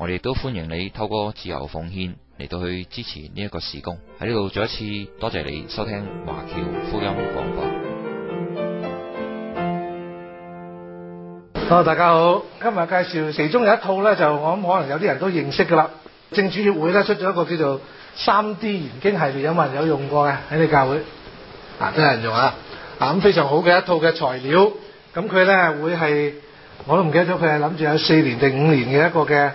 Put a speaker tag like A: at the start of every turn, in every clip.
A: 我哋都歡迎你透過自由奉獻嚟到去支持呢一個事工喺呢度。再一次多謝你收聽華僑福音廣播。Hello 大家好，今日介紹其中有一套咧，就我諗可能有啲人都認識噶啦。証主協會咧出咗一個叫做三 D 研經系列，有冇人有用過嘅喺你教會啊？真係人用啊！啊咁非常好嘅一套嘅材料，咁佢咧會係我都唔記得咗，佢係諗住有四年定五年嘅一個嘅。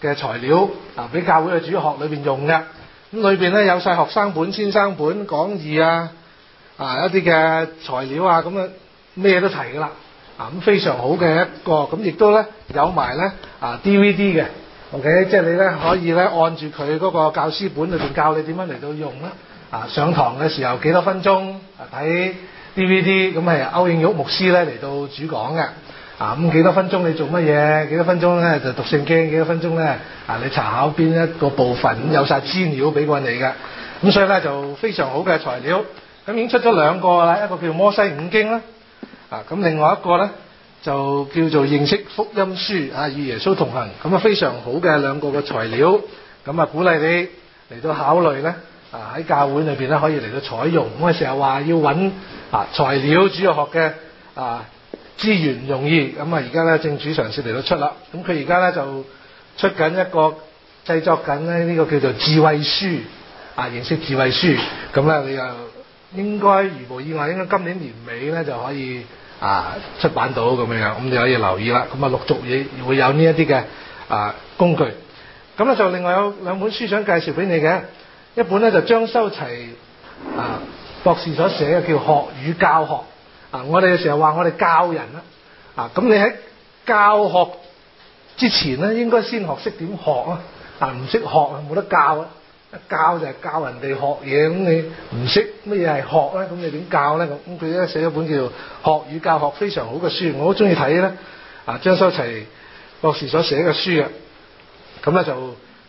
A: 嘅材料啊，俾教會嘅主學裏面用嘅，咁裏面咧有晒學生本、先生本、講義啊，啊一啲嘅材料啊，咁啊咩都齊噶啦，啊咁非常好嘅一個，咁、啊、亦都咧有埋咧啊 DVD 嘅，OK，即係你咧可以咧按住佢嗰個教師本裏面教你點樣嚟到用啦，啊上堂嘅時候幾多分鐘啊睇 DVD，咁係歐應玉牧師咧嚟到主講嘅。啊咁幾、嗯、多分鐘你做乜嘢？幾多分鐘咧就讀聖經？幾多分鐘咧啊？你查考邊一個部分？有晒資料俾過你嘅。咁、啊、所以咧就非常好嘅材料。咁已經出咗兩個啦，一個叫摩西五經啦。啊咁，另外一個咧就叫做認識福音書啊，與耶穌同行。咁啊，非常好嘅兩個嘅材料。咁啊，鼓勵你嚟到考慮咧。啊喺教會裏邊咧可以嚟到採用。我成日話要揾啊材料，主日學嘅啊。資源唔容易，咁啊而家咧正主嘗試嚟到出啦，咁佢而家咧就出緊一個製作緊咧呢個叫做智慧書啊，認識智慧書咁咧你又應該如無意外應該今年年尾咧就可以啊出版到咁樣樣咁你可以留意啦，咁啊陸續亦會有呢一啲嘅啊工具，咁咧就另外有兩本書想介紹俾你嘅，一本咧就張修齊啊博士所寫嘅叫學與教學。啊！我哋成日話我哋教人啦，啊咁你喺教學之前咧，應該先學識點學啊！啊唔識學，冇得教啊！一教就係教人哋學嘢，咁你唔識乜嘢係學咧，咁你點教咧咁？咁佢咧寫咗一本叫《學與教學》非常好嘅書，我好中意睇咧。啊，張修齊博士所寫嘅書啊，咁咧就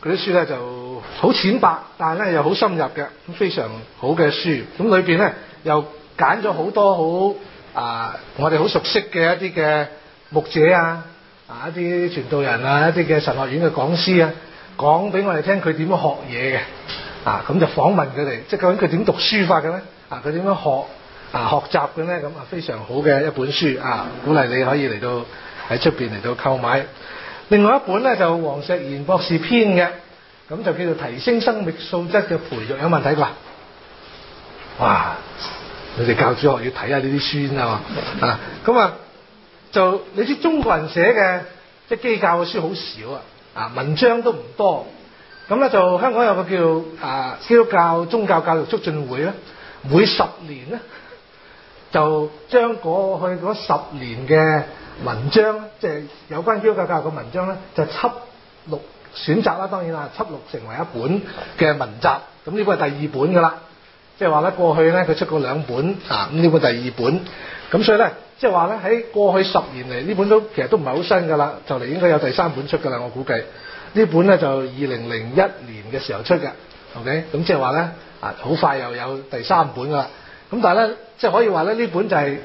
A: 佢啲書咧就好淺白，但係咧又好深入嘅，非常好嘅書。咁裏邊咧又揀咗好多好。啊！我哋好熟悉嘅一啲嘅牧者啊，啊一啲傳道人啊，一啲嘅神學院嘅講師啊，講俾我哋聽佢點樣學嘢嘅，啊咁就訪問佢哋，即係究竟佢點讀書法嘅咧？啊佢點樣學啊學習嘅咧？咁啊非常好嘅一本書啊，鼓勵你可以嚟到喺出邊嚟到購買。另外一本咧就黃石賢博士編嘅，咁就叫做提升生命素質嘅培育有問題啩？哇、啊！你哋教主學要睇下呢啲書先啊！啊，咁啊就你知中國人寫嘅即係基教嘅書好少啊，啊文章都唔多。咁、啊、咧就香港有個叫啊基督教宗教教育促進會咧、啊，每十年咧、啊、就將過去嗰十年嘅文章，即、就、係、是、有關基督教教育嘅文章咧，就輯、是、錄選擇啦，當然啦，輯錄成為一本嘅文集。咁呢個係第二本噶啦。即係話咧，過去咧佢出過兩本啊，咁呢本第二本，咁所以咧，即係話咧喺過去十年嚟呢本都其實都唔係好新噶啦，就嚟應該有第三本出噶啦，我估計呢本咧就二零零一年嘅時候出嘅，ok，咁即係話咧啊，好快又有第三本噶啦，咁但係咧即係可以話咧呢本就係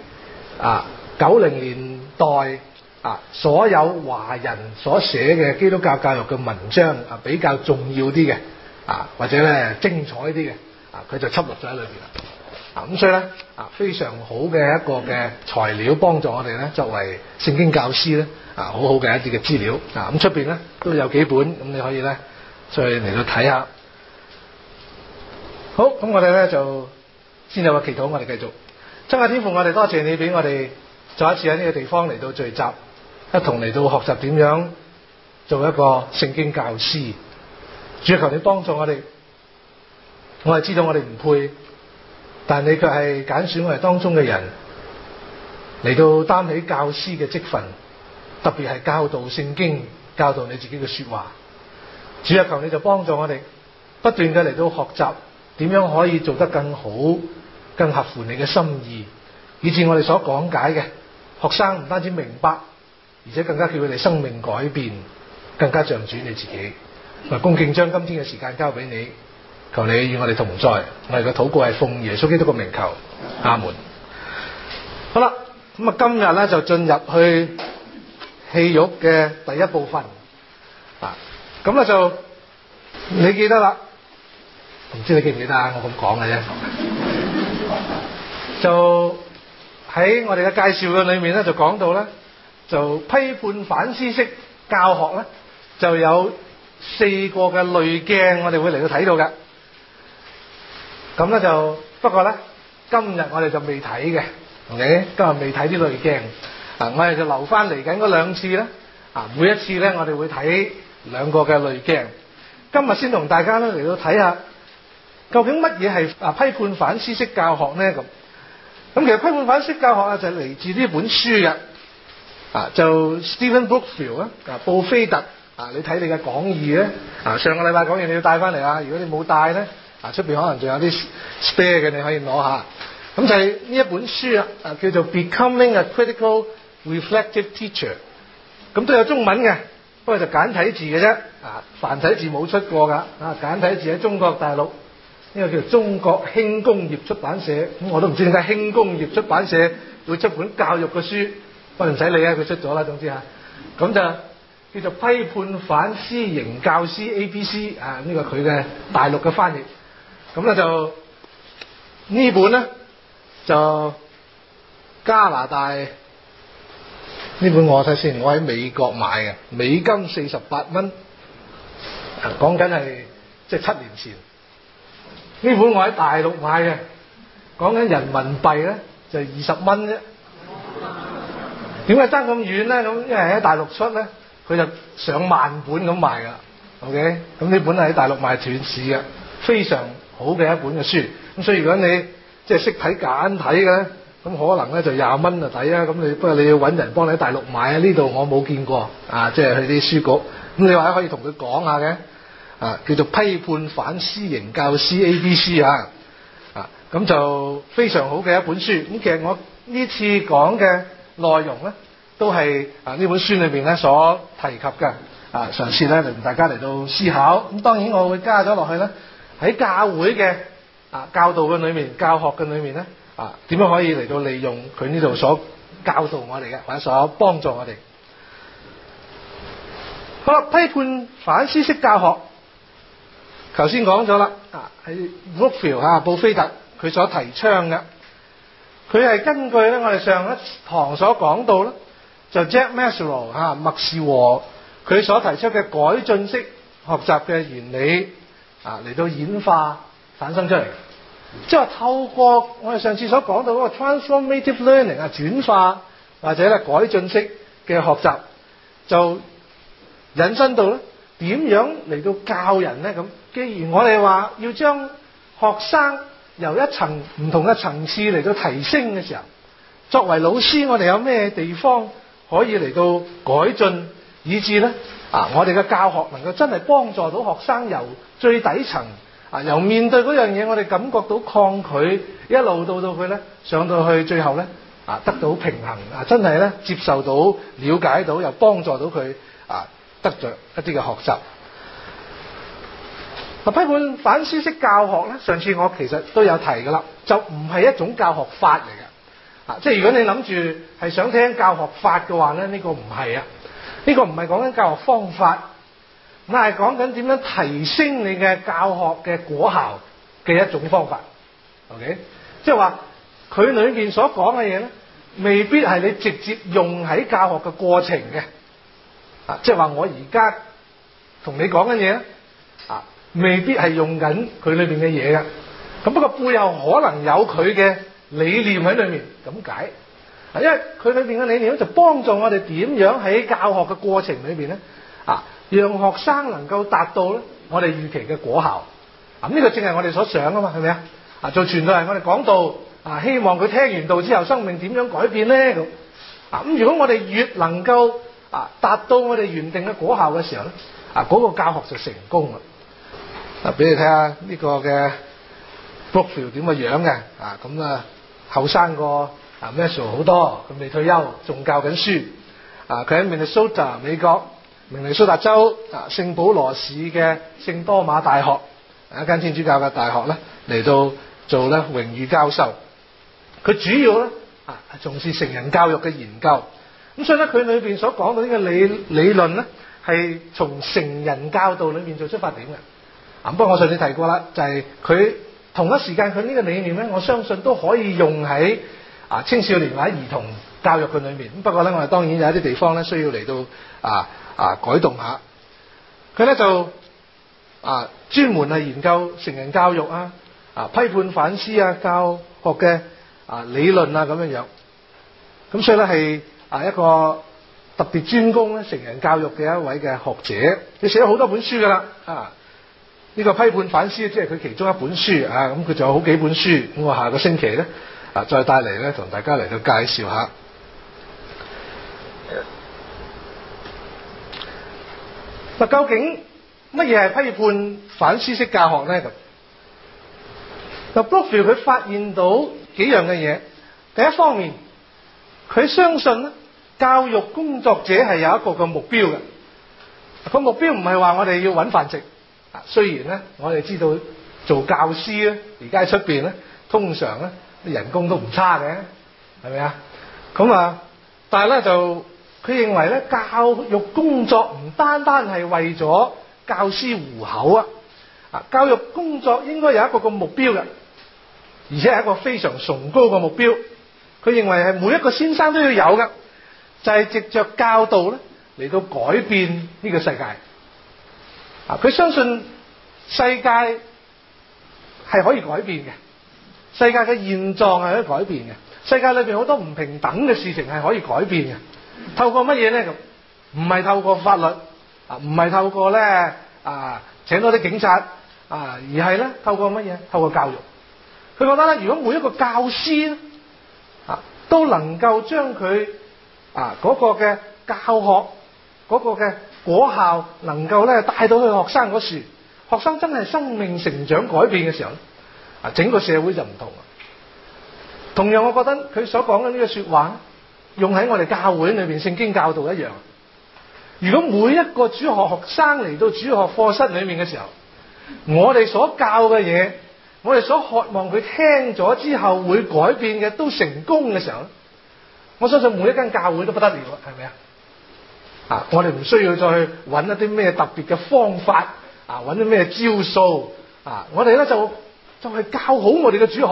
A: 啊九零年代啊所有華人所寫嘅基督教教，教育嘅文章啊比較重要啲嘅啊或者咧精彩啲嘅。佢就插入咗喺裏邊啦，啊咁所以咧啊非常好嘅一個嘅材料，幫助我哋咧作為聖經教師咧啊好好嘅一啲嘅資料，啊咁出邊咧都有幾本，咁你可以咧再嚟到睇下。好，咁我哋咧就先有個祈禱，我哋繼續，親愛天父，我哋多謝你俾我哋再一次喺呢個地方嚟到聚集，一同嚟到學習點樣做一個聖經教師，主求你幫助我哋。我係知道我哋唔配，但你卻係揀選我哋當中嘅人嚟到擔起教師嘅職份，特別係教導聖經、教導你自己嘅說話。主啊，求你就幫助我哋不斷嘅嚟到學習點樣可以做得更好、更合乎你嘅心意，以至我哋所講解嘅學生唔單止明白，而且更加叫佢哋生命改變，更加像主你自己。我恭敬將今天嘅時間交俾你。求你與我哋同在，我哋嘅禱告係奉耶穌基督嘅名求，阿門。好啦，咁啊，今日咧就進入去戲肉嘅第一部分啊，咁咧就你記得啦，唔知你記唔記得啊？ 我咁講嘅啫，就喺我哋嘅介紹嘅裏面咧就講到咧，就批判反思式教學咧就有四個嘅濾鏡我，我哋會嚟到睇到嘅。咁咧就，不過咧今日我哋就未睇嘅，OK 今日未睇啲濾鏡，啊，我哋就留翻嚟緊嗰兩次咧，啊，每一次咧我哋會睇兩個嘅濾鏡，今日先同大家咧嚟到睇下究竟乜嘢係啊批判反思式教學咧咁，咁其實批判反思式教學啊就嚟自呢本書嘅，啊就 Stephen Brookfield 啊布菲特，啊你睇你嘅講義咧，啊上個禮拜講完你要帶翻嚟啊，如果你冇帶咧。啊！出面可能仲有啲 spare 嘅，你可以攞下。咁就係呢一本書啊，叫做《Becoming a Critical Reflective Teacher》，咁都有中文嘅，不過就簡體字嘅啫。啊，繁體字冇出過噶。啊，簡體字喺中國大陸，呢個叫做中國輕工業出版社。咁我都唔知點解輕工業出版社會出本教育嘅書，唔使理啊，佢出咗啦。總之啊，咁就叫做批判反思型教師 ABC 啊，呢個佢嘅大陸嘅翻譯。咁咧就呢本咧就加拿大呢本我睇先，我喺美國買嘅，美金四十八蚊，講緊係即係七年前，呢本我喺大陸買嘅，講緊人民幣咧就二十蚊啫，點解爭咁遠咧？咁因為喺大陸出咧，佢就上萬本咁賣㗎，OK？咁呢本係喺大陸賣斷市嘅，非常。好嘅一本嘅書，咁所以如果你即係識睇簡體嘅咧，咁可能咧就廿蚊就抵啊！咁你不過你要揾人幫你喺大陸買啊，呢度我冇見過啊，即係去啲書局，咁你或者可以同佢講下嘅啊，叫做批判反思型教師 ABC 啊啊，咁就非常好嘅一本書。咁其實我呢次講嘅內容咧，都係啊呢本書裏面咧所提及嘅啊，上次咧嚟大家嚟到思考，咁當然我會加咗落去咧。喺教會嘅啊教導嘅裏面、教學嘅裏面咧啊，點樣可以嚟到利用佢呢度所教導我哋嘅，或、啊、者所幫助我哋？好、啊、啦，批判反思式教學，頭先講咗啦啊，喺 Brookfield 啊，布菲特佢所提倡嘅，佢係根據咧我哋上一堂所講到咧，就 Jack Mezirow 啊，麥士和佢所提出嘅改進式學習嘅原理。啊，嚟到演化產生出嚟，即係話透過我哋上次所講到嗰個 transformative learning 啊，轉化或者咧改進式嘅學習，就引申到咧點樣嚟到教人咧咁。既然我哋話要將學生由一層唔同嘅層次嚟到提升嘅時候，作為老師，我哋有咩地方可以嚟到改進？以致呢，啊，我哋嘅教學能夠真係幫助到學生由最底層啊，由面對嗰樣嘢，我哋感覺到抗拒，一路到到佢呢，上到去最後呢，啊，得到平衡啊，真係呢，接受到、瞭解到，又幫助到佢啊，得着一啲嘅學習。嗱、嗯，批判反思式教學呢，上次我其實都有提㗎喇，就唔係一種教學法嚟嘅啊，即係如果你諗住係想聽教學法嘅話呢，呢、呢個唔係啊。呢個唔係講緊教學方法，我係講緊點樣提升你嘅教學嘅果效嘅一種方法。OK，即係話佢裏邊所講嘅嘢咧，未必係你直接用喺教學嘅過程嘅。啊，即係話我而家同你講嘅嘢啊，未必係用緊佢裏邊嘅嘢嘅。咁不過背後可能有佢嘅理念喺裏面，咁解。因為佢裏邊嘅理念咧，就幫助我哋點樣喺教學嘅過程裏邊咧，啊，讓學生能夠達到咧我哋預期嘅果效。咁呢個正係我哋所想啊嘛，係咪啊？啊，就純粹係我哋講道，啊，希望佢聽完道之後，生命點樣改變咧咁。啊，咁如果我哋越能夠啊達到我哋原定嘅果效嘅時候咧，啊嗰個教學就成功啦。啊，俾你睇下呢個嘅 bookfield 點嘅樣嘅，啊咁啊後生個。啊 m e s s e 好多，佢未退休，仲教緊書。啊，佢喺明尼 n n 美國明尼蘇達州啊聖保羅市嘅聖多馬大學，啊一間天主教嘅大學咧，嚟到做咧榮譽教授。佢主要咧啊，重視成人教育嘅研究。咁所以咧，佢裏邊所講到呢個理理論咧，係從成人教導裏面做出發點嘅。啊，不過我上次提過啦，就係、是、佢同一時間佢呢個理念咧，我相信都可以用喺。啊，青少年或者兒童教育嘅裏面，咁不過咧，我哋當然有一啲地方咧，需要嚟到啊啊改動下。佢咧就啊專門係研究成人教育啊啊批判反思啊教學嘅啊理論啊咁樣樣。咁所以咧，係啊一個特別專攻咧成人教育嘅一位嘅學者，佢寫咗好多本書㗎啦啊！呢個批判反思即係佢其中一本書啊，咁佢仲有好幾本書，咁我下個星期咧。再帶嚟咧，同大家嚟到介紹下。嗱，究竟乜嘢係批判反思式教學咧？嗱，Blochview 佢發現到幾樣嘅嘢。第一方面，佢相信咧，教育工作者係有一個嘅目標嘅。個目標唔係話我哋要揾飯食。啊，雖然咧，我哋知道做教師咧，而家喺出邊咧，通常咧。人工都唔差嘅，係咪啊？咁啊，但係咧就佢認為咧，教育工作唔單單係為咗教師糊口啊！啊，教育工作應該有一個個目標嘅，而且係一個非常崇高嘅目標。佢認為係每一個先生都要有嘅，就係藉着教導咧嚟到改變呢個世界。啊，佢相信世界係可以改變嘅。世界嘅現狀係可以改變嘅，世界裏邊好多唔平等嘅事情係可以改變嘅。透過乜嘢咧？唔係透過法律啊，唔係透過咧啊、呃，請多啲警察啊、呃，而係咧透過乜嘢？透過教育。佢覺得咧，如果每一個教師啊都能夠將佢啊嗰、那個嘅教學嗰、那個嘅果效，能夠咧帶到去學生嗰時，學生真係生命成長改變嘅時候咧。啊！整個社會就唔同啦。同樣，我覺得佢所講嘅呢個說話，用喺我哋教會裏面聖經教導一樣。如果每一個主學學生嚟到主學課室裏面嘅時候，我哋所教嘅嘢，我哋所渴望佢聽咗之後會改變嘅都成功嘅時候，我相信每一間教會都不得了，係咪啊？啊！我哋唔需要再去揾一啲咩特別嘅方法啊，揾啲咩招數啊，我哋咧就。就係教好我哋嘅主學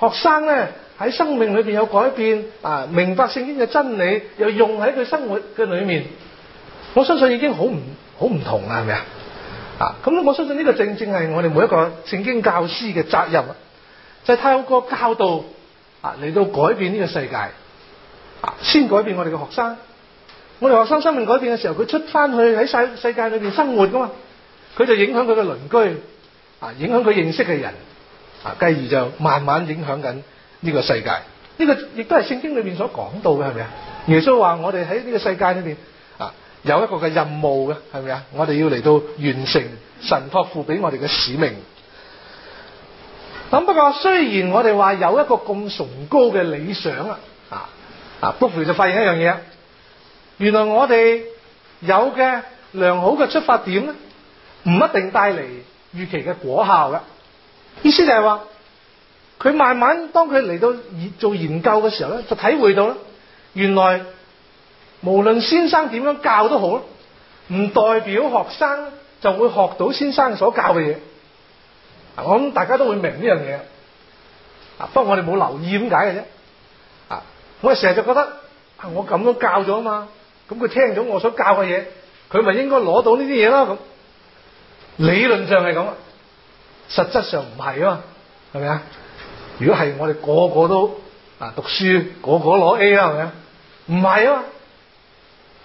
A: 學生咧，喺生命裏邊有改變啊，明白聖經嘅真理，又用喺佢生活嘅裏面，我相信已經好唔好唔同啦，係咪啊？啊，咁我相信呢個正正係我哋每一個聖經教師嘅責任，就透過教導啊，嚟到改變呢個世界啊，先改變我哋嘅學生，我哋學生生命改變嘅時候，佢出翻去喺世世界裏邊生活噶嘛，佢就影響佢嘅鄰居。啊！影響佢認識嘅人，啊，繼而就慢慢影響緊呢個世界。呢個亦都係聖經裏面所講到嘅，係咪啊？耶穌話：我哋喺呢個世界裏邊啊，有一個嘅任務嘅，係咪啊？我哋要嚟到完成神託付俾我哋嘅使命。咁 不過雖然我哋話有一個咁崇高嘅理想啊，啊啊 Booker 就發現一樣嘢，原來我哋有嘅良好嘅出發點咧，唔一定帶嚟。預期嘅果效啦，意思就係話，佢慢慢當佢嚟到做研究嘅時候咧，就體會到咧，原來無論先生點樣教都好，唔代表學生就會學到先生所教嘅嘢。我諗大家都會明呢樣嘢，不過我哋冇留意點解嘅啫。啊，我成日就覺得我咁樣教咗啊嘛，咁佢聽咗我所教嘅嘢，佢咪應該攞到呢啲嘢咯咁。理論上係咁，實質上唔係啊嘛，係咪啊？如果係我哋個個都嗱讀書，個個攞 A 啊，係咪啊？唔係啊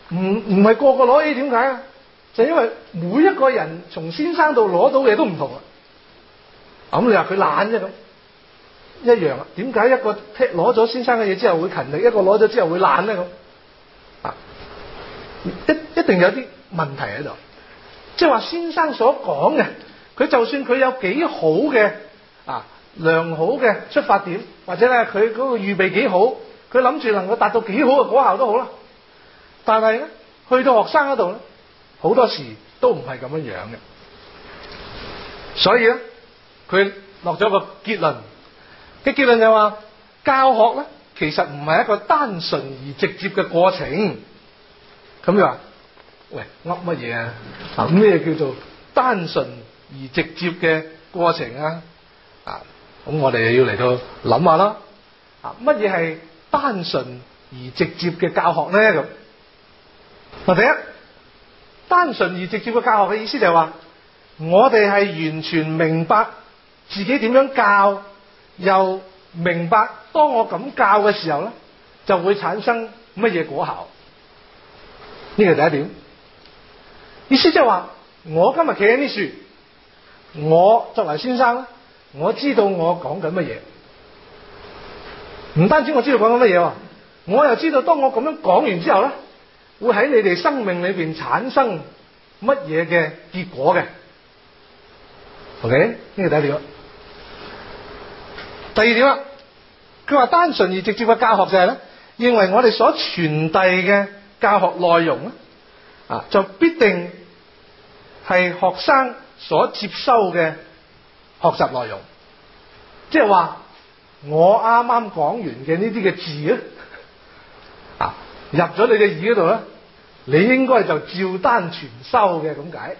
A: 嘛，唔唔係個個攞 A，點解啊？就因為每一個人從先生度攞到嘢都唔同啊。咁你話佢懶啫咁，一樣啊？點解一個攞咗先生嘅嘢之後會勤力，一個攞咗之後會懶咧咁？啊，一一定有啲問題喺度。即係話先生所講嘅，佢就算佢有幾好嘅啊良好嘅出發點，或者咧佢嗰個預備幾好，佢諗住能夠達到幾好嘅果效都好啦。但係咧，去到學生嗰度咧，好多時都唔係咁樣樣嘅。所以咧，佢落咗個結論，嘅結論就係話教學咧其實唔係一個單純而直接嘅過程。咁又話。喂，噏乜嘢啊？啊咩叫做單純而直接嘅過程啊？啊，咁我哋要嚟到諗下啦。啊，乜嘢係單純而直接嘅教學咧？咁、啊、嗱，第一，單純而直接嘅教學嘅意思就係話，我哋係完全明白自己點樣教，又明白當我咁教嘅時候咧，就會產生乜嘢果效。呢個第一點。意思即係話，我今日企喺呢度，我作為先生咧，我知道我講緊乜嘢。唔單止我知道講緊乜嘢，我又知道當我咁樣講完之後咧，會喺你哋生命裏邊產生乜嘢嘅結果嘅。OK，呢個第一點。第二點啦，佢話單純而直接嘅教學就係咧，認為我哋所傳遞嘅教學內容咧，啊就必定。係學生所接收嘅學習內容，即係話我啱啱講完嘅呢啲嘅字咧，啊入咗你嘅耳嗰度咧，你應該就照單全收嘅咁解。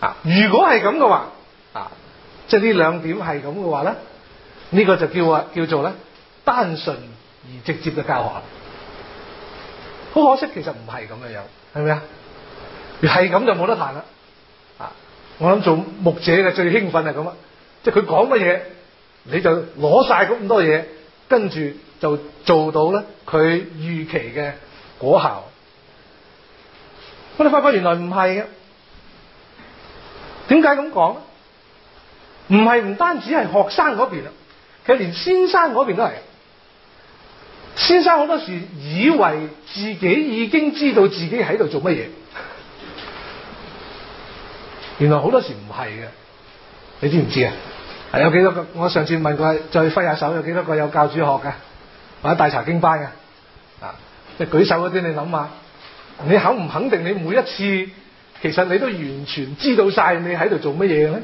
A: 啊，如果係咁嘅話，啊即係呢兩點係咁嘅話咧，呢、呢個就叫啊叫做咧單純而直接嘅教學。好可惜，其實唔係咁嘅樣，係咪啊？係咁就冇得彈啦，啊！我諗做牧者嘅最興奮係咁啊，即係佢講乜嘢，你就攞晒咁多嘢，跟住就做到咧佢預期嘅果效。我哋發覺原來唔係嘅，點解咁講咧？唔係唔單止係學生嗰邊呀，其實連先生嗰邊都係。先生好多時以為自己已經知道自己喺度做乜嘢。原來好多時唔係嘅，你知唔知啊？有幾多個？我上次問過再揮下手有幾多個有教主學嘅，或者大查經班嘅啊？即係舉手嗰啲，你諗下，你肯唔肯定你每一次，其實你都完全知道晒你喺度做乜嘢咧？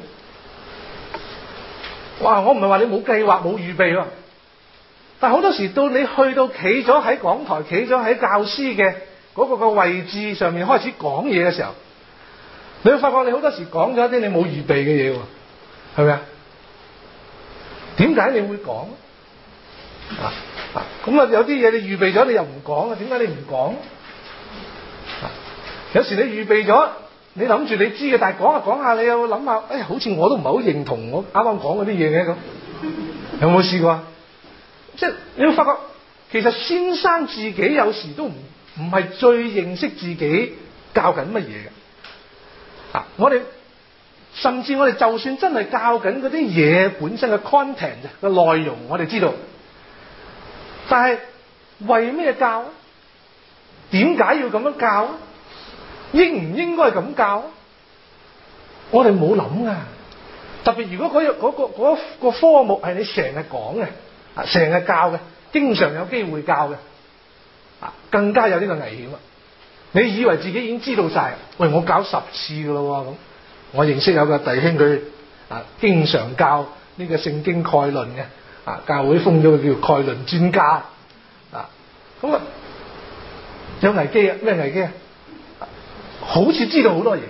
A: 哇！我唔係話你冇計劃冇預備，但係好多時到你去到企咗喺講台，企咗喺教師嘅嗰個個位置上面開始講嘢嘅時候。你會發覺你好多時講咗一啲你冇預備嘅嘢喎，係咪啊？點解你會講？啊，咁啊有啲嘢你預備咗，你又唔講啊？點解你唔講？啊，有時你預備咗，你諗住你知嘅，但係講下講下，你又諗下，哎，好似我都唔係好認同我啱啱講嗰啲嘢嘅咁，有冇試過？即係你會發覺，其實先生自己有時都唔唔係最認識自己教緊乜嘢嘅。啊！我哋甚至我哋就算真係教緊啲嘢本身嘅 content，嘅內容我哋知道，但係為咩教？點解要咁樣教？應唔應該係咁教？我哋冇諗啊！特別，如果嗰個嗰個嗰個科目係你成日講嘅，啊成日教嘅，經常有機會教嘅，啊更加有呢個危險啊！你以為自己已經知道晒？喂，我教十次噶咯咁。我認識有個弟兄，佢啊經常教呢個聖經概論嘅啊，教會封咗佢叫概論專家啊。咁、嗯、啊，有危機啊？咩危機啊？好似知道好多嘢，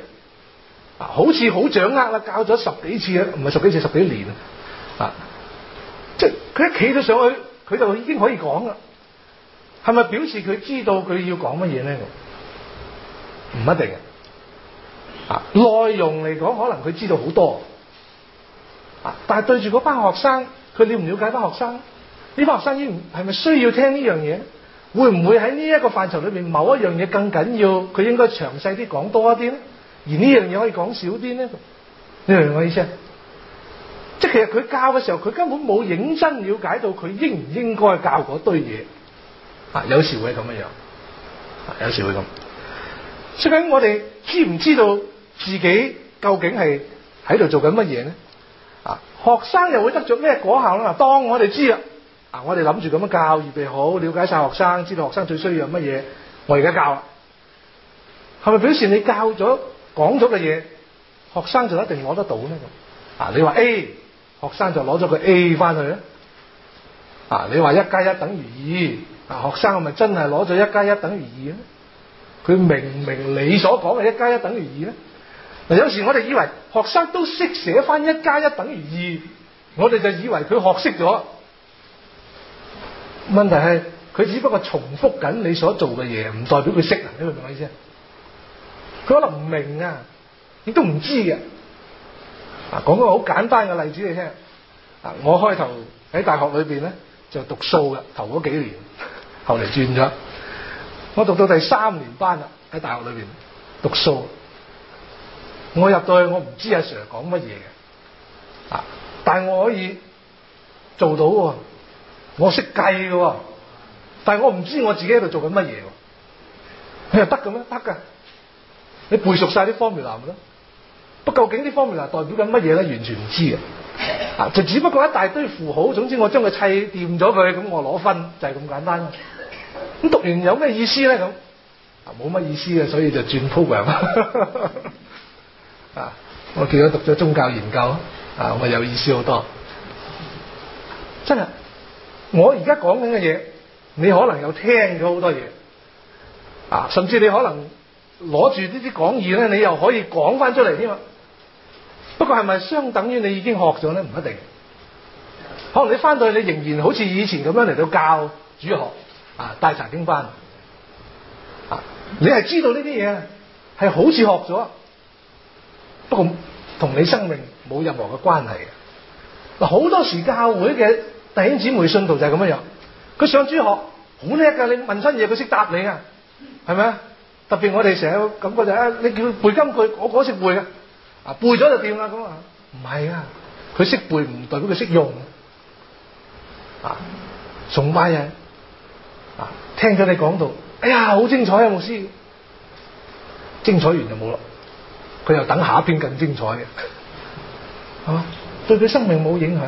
A: 啊，好似好掌握啦，教咗十幾次啊，唔係十幾次，十幾年啊、嗯。即係佢一企到上去，佢就已經可以講啦。係咪表示佢知道佢要講乜嘢咧？唔一定嘅，啊，內容嚟講，可能佢知道好多，啊但係對住嗰班學生，佢了唔了解班學生？呢班學生應係咪需要聽呢樣嘢？會唔會喺呢一個範疇裏邊某一樣嘢更緊要？佢應該詳細啲講多一啲咧，而呢樣嘢可以講少啲呢？你明唔明我意思？即係其實佢教嘅時候，佢根本冇認真了解到佢應唔應該教嗰堆嘢，啊，有時會咁樣樣，啊，有時會咁。啊究竟我哋知唔知道自己究竟係喺度做緊乜嘢咧？啊，學生又會得咗咩果效啦？嗱，當我哋知啊，嗱，我哋諗住咁樣教，預備好，了解晒學生，知道學生最需要乜嘢，我而家教啦，係咪表示你教咗講咗嘅嘢，學生就一定攞得到咧？啊，你話 A，學生就攞咗個 A 翻去咧？啊，你話一加一等於二，啊，學生係咪真係攞咗一加一等於二咧？佢明唔明你所講嘅一加一等於二咧？嗱，有時我哋以為學生都識寫翻一加一等於二，我哋就以為佢學識咗。問題係佢只不過重複緊你所做嘅嘢，唔代表佢識啊！你明唔明我意思啊？佢可能唔明啊，亦都唔知嘅。嗱，講個好簡單嘅例子你聽。嗱，我開頭喺大學裏邊咧就讀數嘅，頭嗰幾年，後嚟轉咗。我讀到第三年班啦，喺大學裏邊讀數。我入到去，我唔知阿 Sir 講乜嘢嘅，啊！但係我可以做到喎，我識計嘅，但係我唔知我自己喺度做緊乜嘢。你又得嘅咩？得噶，你背熟晒啲方妙難啦。不，究竟啲方妙難代表緊乜嘢咧？完全唔知嘅，啊！就只不過一大堆符號，總之我將佢砌掂咗佢，咁我攞分就係咁簡單啦。咁讀完有咩意思咧？咁冇乜意思嘅，所以就轉 program 啊！ 我記得讀咗宗教研究啊，我有意思好多。真係，我而家講緊嘅嘢，你可能又聽咗好多嘢啊！甚至你可能攞住呢啲講義咧，你又可以講翻出嚟添啊！不過係咪相等於你已經學咗咧？唔一定，可能你翻到去，你仍然好似以前咁樣嚟到教主學。啊！帶查經班啊！你係知道呢啲嘢，係好似學咗，不過同你生命冇任何嘅關係嘅。嗱、啊，好多時候教會嘅弟兄姊妹信徒就係咁樣樣。佢上主學好叻噶你問親嘢佢識答你啊，係咪啊？特別我哋成日感覺就係、是，你叫佢背金句，我嗰時背嘅啊，背咗就掂啦。咁啊，唔係啊，佢識背唔代表佢識用啊，崇拜啊！啊！聽咗你講到，哎呀，好精彩啊，牧師！精彩完就冇啦，佢又等下一篇更精彩嘅，係嘛？對佢生命冇影響，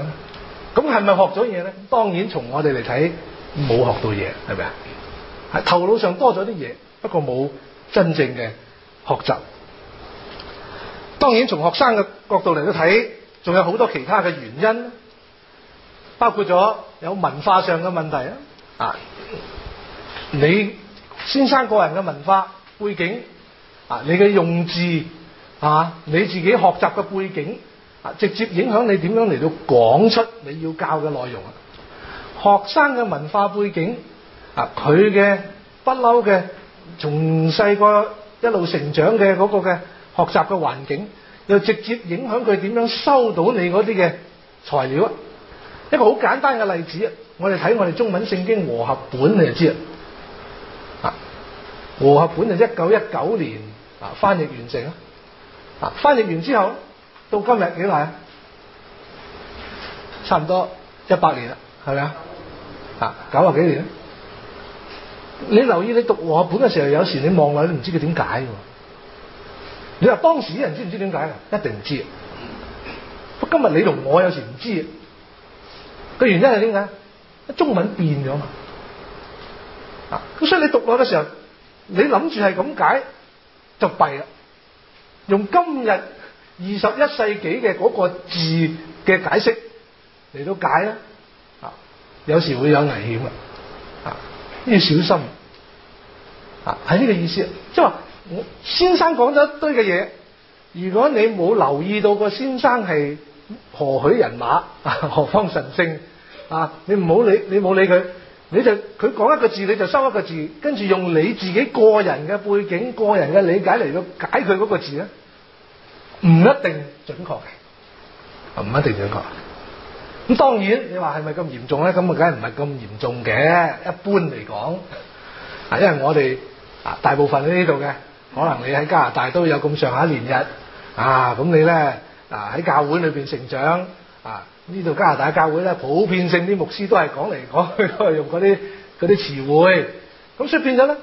A: 咁係咪學咗嘢咧？當然從，從我哋嚟睇，冇學到嘢，係咪啊？係頭腦上多咗啲嘢，不過冇真正嘅學習。當然，從學生嘅角度嚟到睇，仲有好多其他嘅原因，包括咗有文化上嘅問題啊。你先生個人嘅文化背景啊，你嘅用字啊，你自己學習嘅背景啊，直接影響你點樣嚟到講出你要教嘅內容啊。學生嘅文化背景啊，佢嘅不嬲嘅，從細個一路成長嘅嗰個嘅學習嘅環境，又直接影響佢點樣收到你嗰啲嘅材料啊。一個好簡單嘅例子啊，我哋睇我哋中文聖經和合本，你就知啦和合本就一九一九年啊翻譯完成啦，啊翻譯完之後到今日幾耐啊？差唔多一百年啦，係咪啊？啊九啊幾年了？你留意你讀和合本嘅時候，有時你望落去唔知佢點解嘅。你話當時啲人知唔知點解啊？一定唔知道。不過今日你同我有時唔知嘅原因係點解？中文變咗嘛？啊，咁所以你讀落嘅時候。你諗住係咁解就弊啦，用今日二十一世紀嘅嗰個字嘅解釋嚟到解咧，啊有時會有危險啊，要小心啊，係呢個意思。即係話先生講咗一堆嘅嘢，如果你冇留意到個先生係何許人馬、何方神聖啊，你唔好理，你唔好理佢。你就佢講一個字，你就收一個字，跟住用你自己個人嘅背景、個人嘅理解嚟到解佢嗰個字咧，唔一定準確嘅，唔一定準確。咁當然，你話係咪咁嚴重咧？咁啊，梗係唔係咁嚴重嘅，一般嚟講，啊，因為我哋啊大部分喺呢度嘅，可能你喺加拿大都有咁上下一年日啊，咁你咧啊喺教會裏邊成長啊。呢度加拿大教會咧，普遍性啲牧師都係講嚟講去都係用啲啲詞彙，咁所以變咗咧，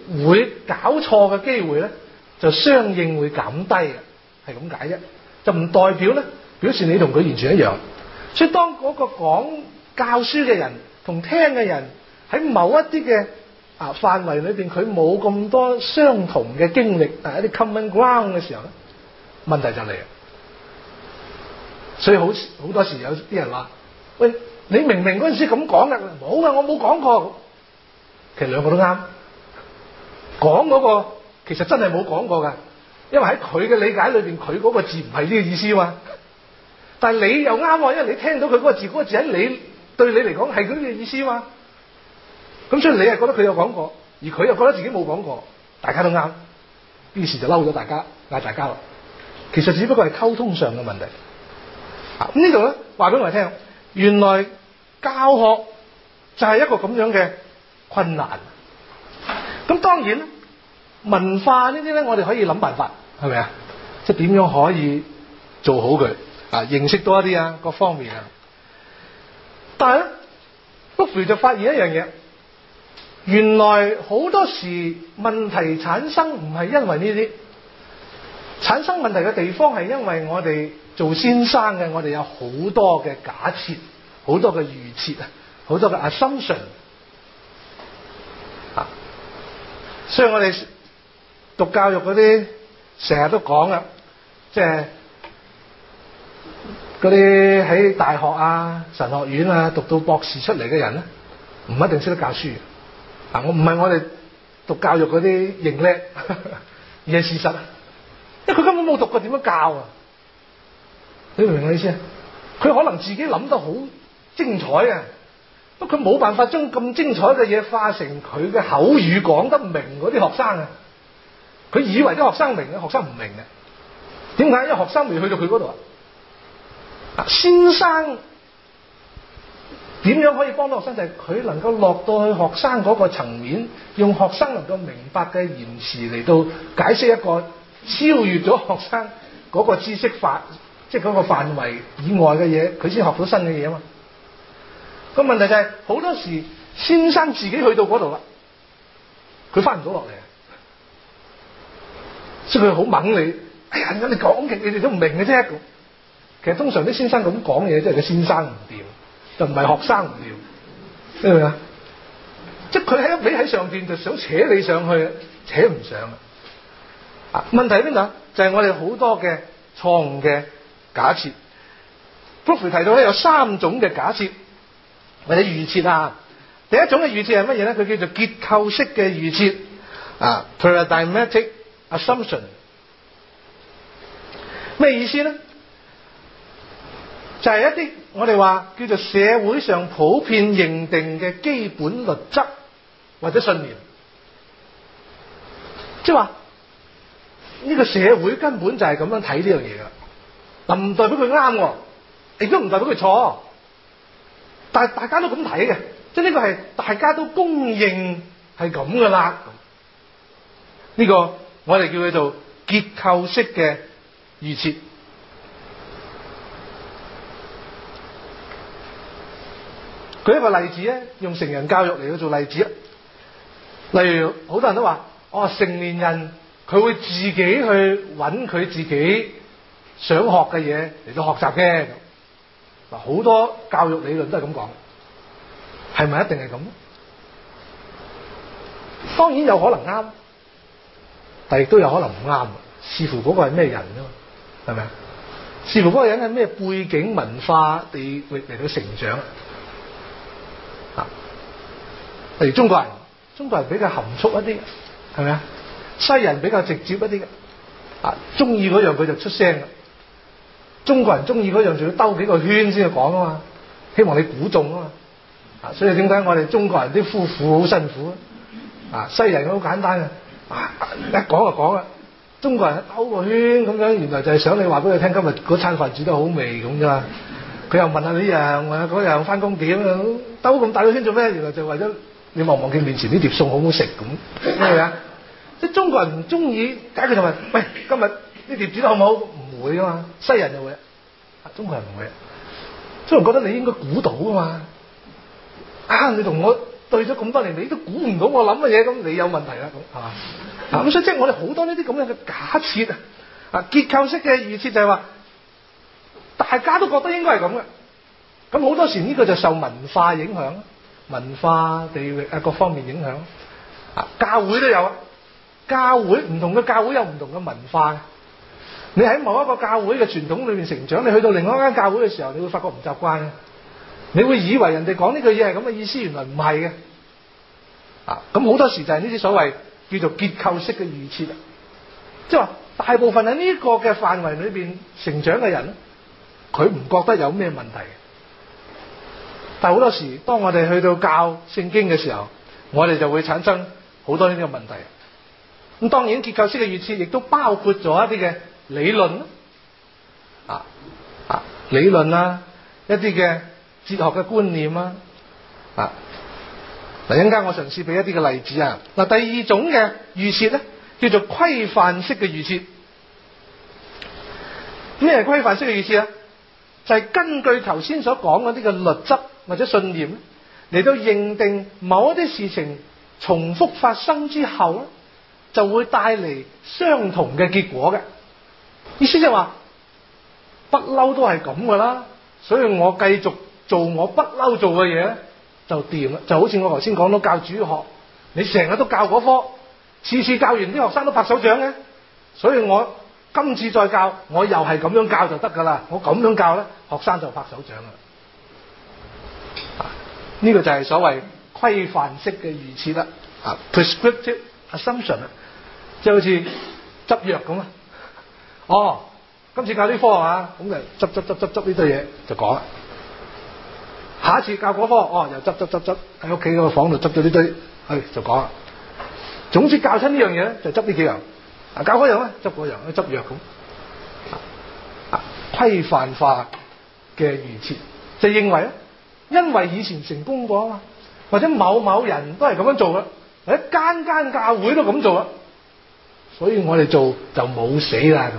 A: 你會搞錯嘅機會咧，就相應會減低嘅，係咁解啫。就唔代表咧，表示你同佢完全一樣，所以當嗰個講教書嘅人同聽嘅人喺某一啲嘅啊範圍裏邊，佢冇咁多相同嘅經歷啊一啲 common ground 嘅時候咧，問題就嚟啦。所以好好多時有啲人話，喂，你明明嗰陣時咁講嘅。冇呀，我冇講過。其實兩個都啱，講嗰個其實真係冇講過噶，因為喺佢嘅理解裏邊，佢嗰個字唔係呢個意思嘛。但係你又啱喎，因為你聽到佢嗰個字，嗰個字喺你對你嚟講係佢嘅意思嘛。咁所以你又覺得佢有講過，而佢又覺得自己冇講過，大家都啱，呢件事就嬲咗大家，嗌大家啦。其實只不過係溝通上嘅問題。咁呢度咧，話俾我哋聽，原來教學就係一個咁樣嘅困難。咁當然，文化呢啲咧，我哋可以諗辦法，係咪啊？即係點樣可以做好佢啊？認識多一啲啊，各方面啊。但係咧，福瑞就發現一樣嘢，原來好多時問題產生唔係因為呢啲。產生問題嘅地方係因為我哋做先生嘅，我哋有好多嘅假設，好多嘅預設啊，好多嘅 assumption 啊。所以我哋讀教育嗰啲成日都講啊，即係嗰啲喺大學啊、神學院啊讀到博士出嚟嘅人咧，唔一定識得教書。嗱，啊，我唔係我哋讀教育嗰啲認叻，而係事實。因為佢根本冇讀過，點樣教啊？你明唔明我意思啊？佢可能自己諗得好精彩啊，不過佢冇辦法將咁精彩嘅嘢化成佢嘅口語講得明嗰啲學生啊。佢以為啲學生明嘅，學生唔明啊？點解？因為學生未去到佢嗰度啊。先生點樣可以幫到學生？就係、是、佢能夠落到去學生嗰個層面，用學生能夠明白嘅言辭嚟到解釋一個超越咗學生嗰個知識範，即係嗰個範圍以外嘅嘢，佢先學到新嘅嘢啊嘛。個問題就係好多時先生自己去到嗰度啦，佢翻唔到落嚟。即係佢好猛你，哎呀！你講極你哋都唔明嘅啫。其實通常啲先生咁講嘢，即係佢先生唔掂，就唔係學生唔掂。你明唔明啊？即係佢喺一尾喺上面就想扯你上去，扯唔上。問題喺邊度就係我哋好多嘅錯誤嘅假設。普弗提到咧有三種嘅假設或者預設啊。第一種嘅預設係乜嘢咧？佢叫做結構式嘅預設啊 （paradigmatic assumption）。咩意思咧？就係一啲我哋話叫做社會上普遍認定嘅基本律則或者信念，即係話。呢、個社會根本就係咁樣睇呢樣嘢嘅。嗱，唔代表佢啱，亦都唔代表佢錯，但係大家都咁睇嘅，即係呢個係大家都公認係咁噶啦呢、個我哋叫佢做結構式嘅預設。舉一個例子咧，用成人教育嚟到做例子，例如好多人都話哦，成年人。佢會自己去揾佢自己想學嘅嘢嚟到學習嘅，嗱好多教育理論都係咁講，係咪一定係咁？當然有可能啱，但亦都有可能唔啱，視乎嗰個係咩人噶嘛，係咪啊？視乎嗰個人係咩背景文化地嚟嚟到成長，啊，例如中國人，中國人比較含蓄一啲，係咪啊？西人比較直接一啲嘅，啊，中意嗰樣佢就出聲啦。中國人中意嗰樣就要兜幾個圈先至講啊嘛，希望你估中啊嘛。啊，所以點解我哋中國人啲夫婦好辛苦啊？啊，西人好簡單嘅，啊，一講就講啦。中國人兜個圈咁樣，原來就係想你話俾佢聽今日嗰餐飯煮得好味咁啫嘛。佢又問下呢樣啊嗰樣，翻工點樣？兜咁大個圈做咩？原來就為咗你望望佢面前呢碟餸好好食咁，咩啊？即係中國人唔中意解佢就係喂，今日呢碟煮得好唔好？唔會噶嘛，西人就會，中國人唔會。中國人覺得你應該估到噶嘛？啊，你同我對咗咁多年，你都估唔到我諗嘅嘢，咁你有問題啦，咁係嘛？咁、 啊、所以即係我哋好多呢啲咁樣嘅假設啊，啊，結構式嘅預設就係話，大家都覺得應該係咁嘅。咁好多時呢個就受文化影響，文化地位、地域啊各方面影響，啊，教會都有。教會，唔同嘅教會有唔同嘅文化嘅，你喺某一個教會嘅傳統裏面成長，你去到另外一間教會嘅時候，你會發覺唔習慣嘅，你會以為人哋講呢句嘢係咁嘅意思，原來唔係嘅，啊，咁好多時就係呢啲所謂叫做結構式嘅預設，即係話大部分喺呢個嘅範圍裏邊成長嘅人，佢唔覺得有咩問題，但係好多時當我哋去到教聖經嘅時候，我哋就會產生好多呢啲問題。咁當然，結構式嘅預設亦都包括咗一啲嘅理論啊，啊，啊理論啦、啊，一啲嘅哲學嘅觀念啦啊。嗱、啊，一陣間我嘗試俾一啲嘅例子啊。嗱、啊，第二種嘅預設咧，叫做規範式嘅預設。咩係規範式嘅預設啊？就係、是、根據頭先所講嗰啲嘅律則或者信念，嚟到認定某一啲事情重複發生之後咧、啊。就會帶嚟相同嘅結果嘅意思，就係話不嬲都係咁噶啦，所以我繼續做我不嬲做嘅嘢，就掂啦。就好似我頭先講到教主學，你成日都教嗰科，次次教完啲學生都拍手掌嘅，所以我今次再教我又係咁樣教就得噶啦。我咁樣教咧，學生就拍手掌啦。呢個就係所謂規範式嘅預設啦，啊，prescriptive assumption 啊。即係好似執藥咁啊！哦，今次教呢科啊，咁就執執執執執呢堆嘢就講啦。下一次教嗰科，哦又執執執執喺屋企嗰個房度執咗呢堆，哎就講啦。總之教親呢樣嘢咧，就執呢幾樣。啊教嗰樣咧，執嗰樣，執藥咁。規範化嘅預設，就認為咧，因為以前成功過啊嘛，或者某某人都係咁樣做噶，誒間間教會都咁做啦所以我哋做就冇死啦，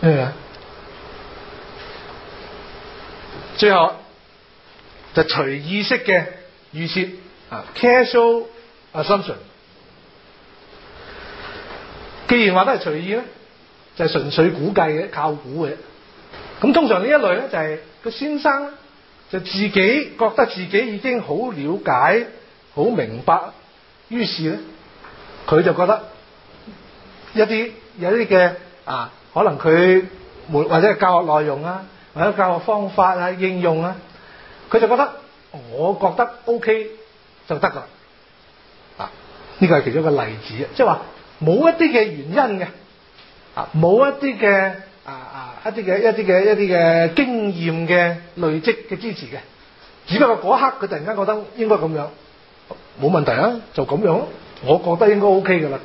A: 咩啊？最後就隨意式嘅預設啊 casual assumption。既然話得係隨意咧，就係、是、純粹估計嘅，靠估嘅。咁通常呢一類咧就係、是、個先生就自己覺得自己已經好了解、好明白，於是咧佢就覺得。有啲有啲嘅啊，可能佢冇或者係教學內容啊，或者教學方法啊、應用啊，佢就覺得，我覺得 OK 就得噶啦。啊，呢個係其中一個例子啊，即係話冇一啲嘅原因嘅啊，冇一啲嘅啊啊一啲嘅一啲嘅一啲嘅經驗嘅累積嘅支持嘅，只不過嗰刻佢突然間覺得應該咁樣，冇問題啊，就咁樣，我覺得應該 OK 噶啦。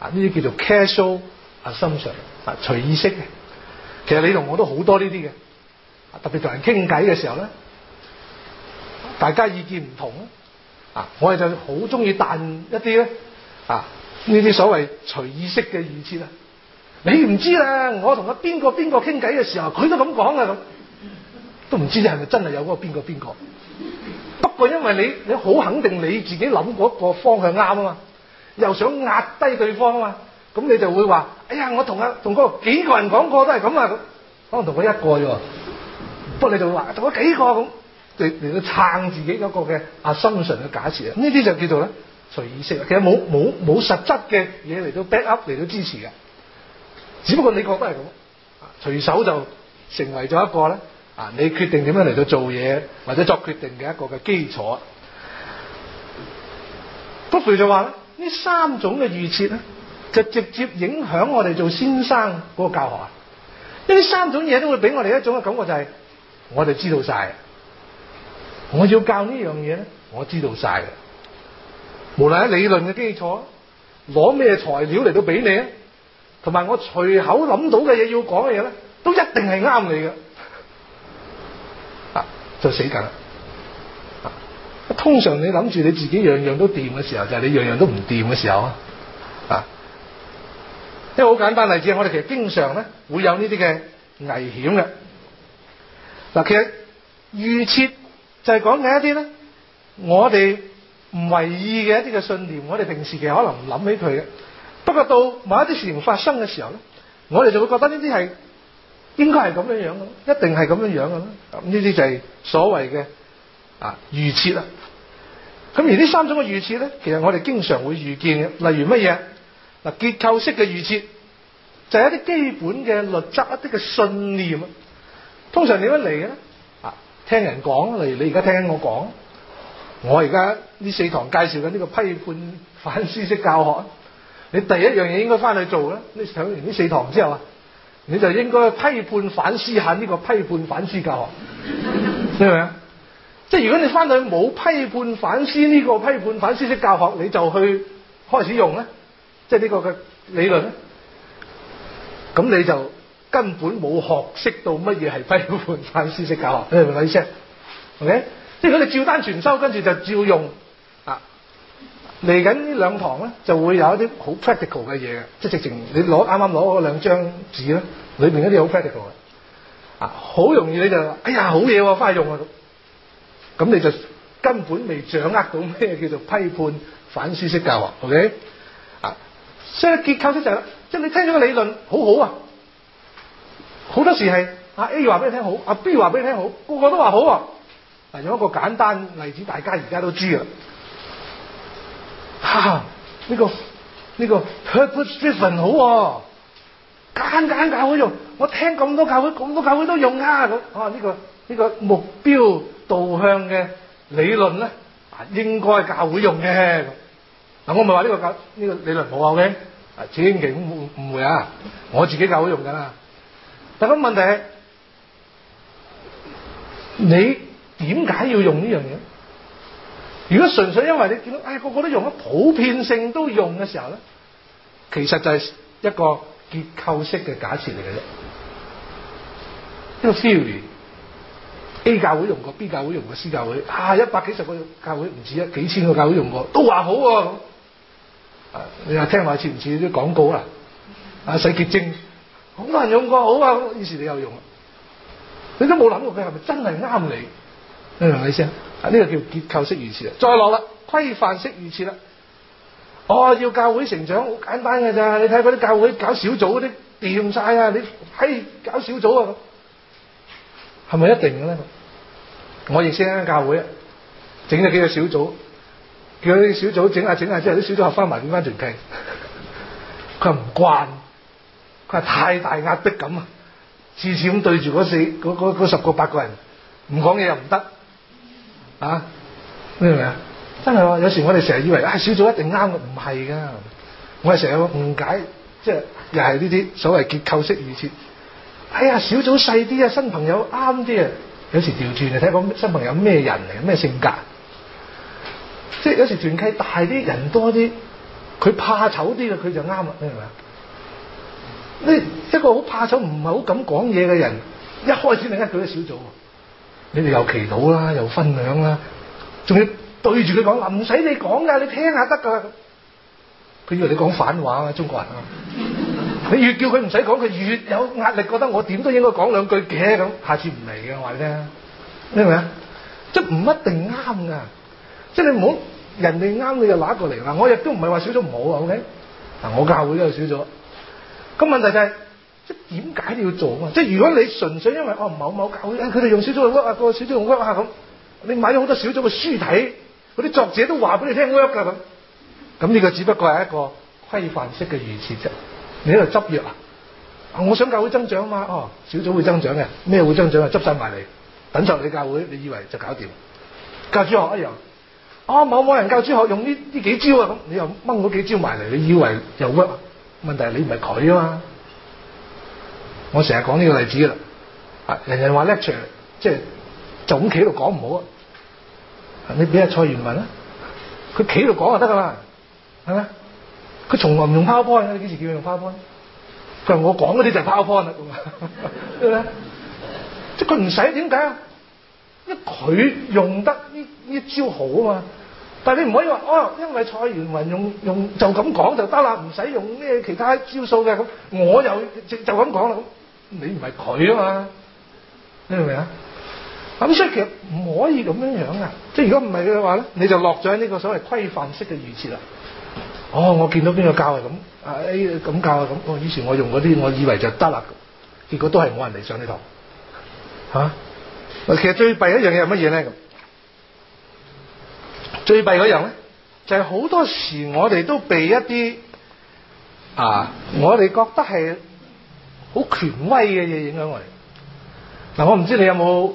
A: 啊！呢啲叫做 casual 啊，心上啊，隨意識嘅。其實你同我都好多呢啲嘅，特別同人傾偈嘅時候咧，大家意見唔同啊，我哋就好中意彈一啲咧啊，呢啲所謂隨意識嘅意思啦。你唔知啦、啊，我同阿邊個邊個傾偈嘅時候，佢都咁講啊，咁都唔知你係咪真係有嗰個邊個邊個？不過因為你你好肯定你自己諗嗰個方向啱啊嘛。又想壓低對方啊嘛，咁你就會話：哎呀，我同阿同嗰幾個人講過都係咁啊，可能同佢一個啫喎。不過你就話同佢幾個咁嚟嚟到撐自己嗰個嘅 assumption 嘅假設啊，呢啲就叫做咧隨意識，其實冇冇冇實質嘅嘢嚟到 back up 嚟到支持嘅。只不過你覺得係咁，隨手就成為咗一個咧啊！你決定點樣嚟到做嘢或者作決定嘅一個嘅基礎。不附就話啦。呢三種嘅預設咧，就直接影響我哋做先生嗰個教學啊！呢三種嘢都會俾我哋一種嘅感覺，就係我哋知道晒，我要教呢樣嘢咧，我知道晒嘅。無論喺理論嘅基礎，攞咩材料嚟到俾你啊，同埋我隨口諗到嘅嘢要講嘅嘢咧，都一定係啱你嘅，就死梗。通常你諗住你自己樣樣都掂嘅時候，就係、是、你樣樣都唔掂嘅時候啊！啊，即係好簡單例子，我哋其實經常咧會有呢啲嘅危險嘅。嗱、啊，其實預設就係講緊一啲咧，我哋唔為意嘅一啲嘅信念，我哋平時其實可能唔諗起佢嘅。不過到某一啲事情發生嘅時候咧，我哋就會覺得呢啲係應該係咁樣樣咯，一定係咁樣樣嘅啦。咁呢啲就係所謂嘅啊預設啦。咁而呢三種嘅預設咧，其實我哋經常會遇見嘅，例如乜嘢嗱結構式嘅預設，就係一啲基本嘅律則，一啲嘅信念。通常點樣嚟嘅咧？啊，聽人講嚟。例如你而家聽我講，我而家呢四堂介紹緊呢個批判反思式教學。你第一樣嘢應該翻去做呢？你上完呢四堂之後，你就應該批判反思下呢個批判反思教學，明唔明啊？即係如果你翻去冇批判反思呢、呢個批判反思式教學，你就去開始用咧，即係呢個嘅理論咧，咁你就根本冇學識到乜嘢係批判反思式教學，嗯、你明唔明意思？OK 即係佢哋照單全收，跟住就照用啊！嚟緊呢兩堂咧，就會有一啲好 practical 嘅嘢嘅，即係直情你攞啱啱攞嗰兩張紙咧，裏面一啲好 practical 嘅啊，好容易你就哎呀好嘢，翻去用啊！咁你就根本未掌握到咩叫做批判反思式教學，OK？啊，所以結構式就係、是，即、就、係、是、你聽咗個理論好好啊，好多時係啊 A 話俾你聽好，啊 B 話俾你聽好，個個都話好、啊。嗱，有一個簡單例子，大家而家都知啦。哈、啊、哈，呢、這個呢、這個 purpose driven 好、啊，間間教會都用，我聽咁多教會，咁多教會都用啊。咁、啊，呢、這個呢、這個目標。導向嘅理論咧，啊，應該教會用嘅。嗱，我唔係話呢個教呢個理論冇用嘅，啊，千祈唔唔唔誤會啊！我自己教會用㗎喇。但係問題係，你點解要用呢樣嘢？如果純粹因為你見到，哎，個個都用，普遍性都用嘅時候咧，其實就係一個結構式嘅假設嚟嘅啫，一個 theory。A 教會用過，B 教會用過，C 教會啊，一百幾十個教會唔止一，幾千個教會用過，都話好啊。你又聽話似唔似啲廣告啊？啊，洗潔精，好多人用過，好啊，於是你又用，啊？你都冇諗過佢係咪真係啱你？你明唔明意思啊，呢、這個叫結構式預設啦。再落啦，規範式預設啦。哦，要教會成長，好簡單嘅咋？你睇嗰啲教會搞小組嗰啲，掂晒啊！你，嘿，搞小組啊，係咪一定嘅咧？我認識間教會啊，整咗幾個小組，叫啲小組整下整下之後，啲小組合翻埋變翻團契。佢話唔慣，佢話太大壓迫感啊！次次咁對住嗰四嗰十個八個人，唔講嘢又唔得啊？明唔明啊？真係有時我哋成日以為啊、哎、小組一定啱，唔係噶。我哋成日有誤解，即係又係呢啲所謂結構式預設。哎呀，小組細啲啊，新朋友啱啲啊。有時調轉，你睇講新朋友咩人嚟，咩性格，即係有時團契大啲，人多啲，佢怕醜啲啊，佢就啱啦，係咪啊？呢一個好怕醜，唔係好敢講嘢嘅人，一開始你一句嘅小組，你哋又祈禱啦，又分享啦，仲要對住佢講，唔使你講噶，你聽下得噶，佢以為你講反話啊，中國人啊。你越叫佢唔使講，佢越有壓力，覺得我點都應該講兩句嘅咁，下次唔嚟嘅話咧，明唔明啊？即係唔一定啱噶，即係你唔好人哋啱，你就拿過嚟啦。我亦都唔係話小組唔好啊，OK？嗱，我教會都有小組，咁問題就係即係點解你要做啊？即係如果你純粹因為哦某某教會，佢哋用小組 work 啊，個小組用 work 啊咁，你買咗好多小組嘅書睇，嗰啲作者都話俾你聽 work 噶咁，咁呢個只不過係一個規範式嘅預設啫。你喺度執藥啊？我想教會增長啊嘛，哦小組會增長嘅，咩會增長啊？執晒埋嚟，等就你教會，你以為就搞掂？教主學一樣，哦，某某人教主學用呢呢幾招啊，咁你又掹嗰幾招埋嚟，你以為又屈？問題係你唔係佢啊嘛，我成日講呢個例子噶啦，啊人人話 lecture 即係就咁企喺度講唔好啊？你俾阿蔡元文啦，佢企喺度講就得噶啦，係咪？佢從來唔用 PowerPoint 嘅，你幾時叫佢用 PowerPoint？佢話我講嗰啲就係 PowerPoint 啦，明唔明？即係佢唔使點解啊？因為佢用得呢呢招好啊嘛，但係你唔可以話哦，因為蔡元雲用用就咁講就得啦，唔使用咩其他招數嘅咁，我又就就咁講啦咁，你唔係佢啊嘛？你明唔明啊？咁所以其實唔可以咁樣樣啊！即係如果唔係嘅話咧，你就落咗喺呢個所謂規範式嘅預設啦。哦，我見到邊個教啊，咁、哎，啊 A 咁教啊咁。以前我用嗰啲，我以為就得啦，結果都係冇人嚟上呢堂，嚇、啊。其實最弊一樣嘢係乜嘢咧？咁最弊嗰樣咧，就係、是、好多時候我哋都被一啲啊，我哋覺得係好權威嘅嘢影響我哋。嗱，我唔知你有冇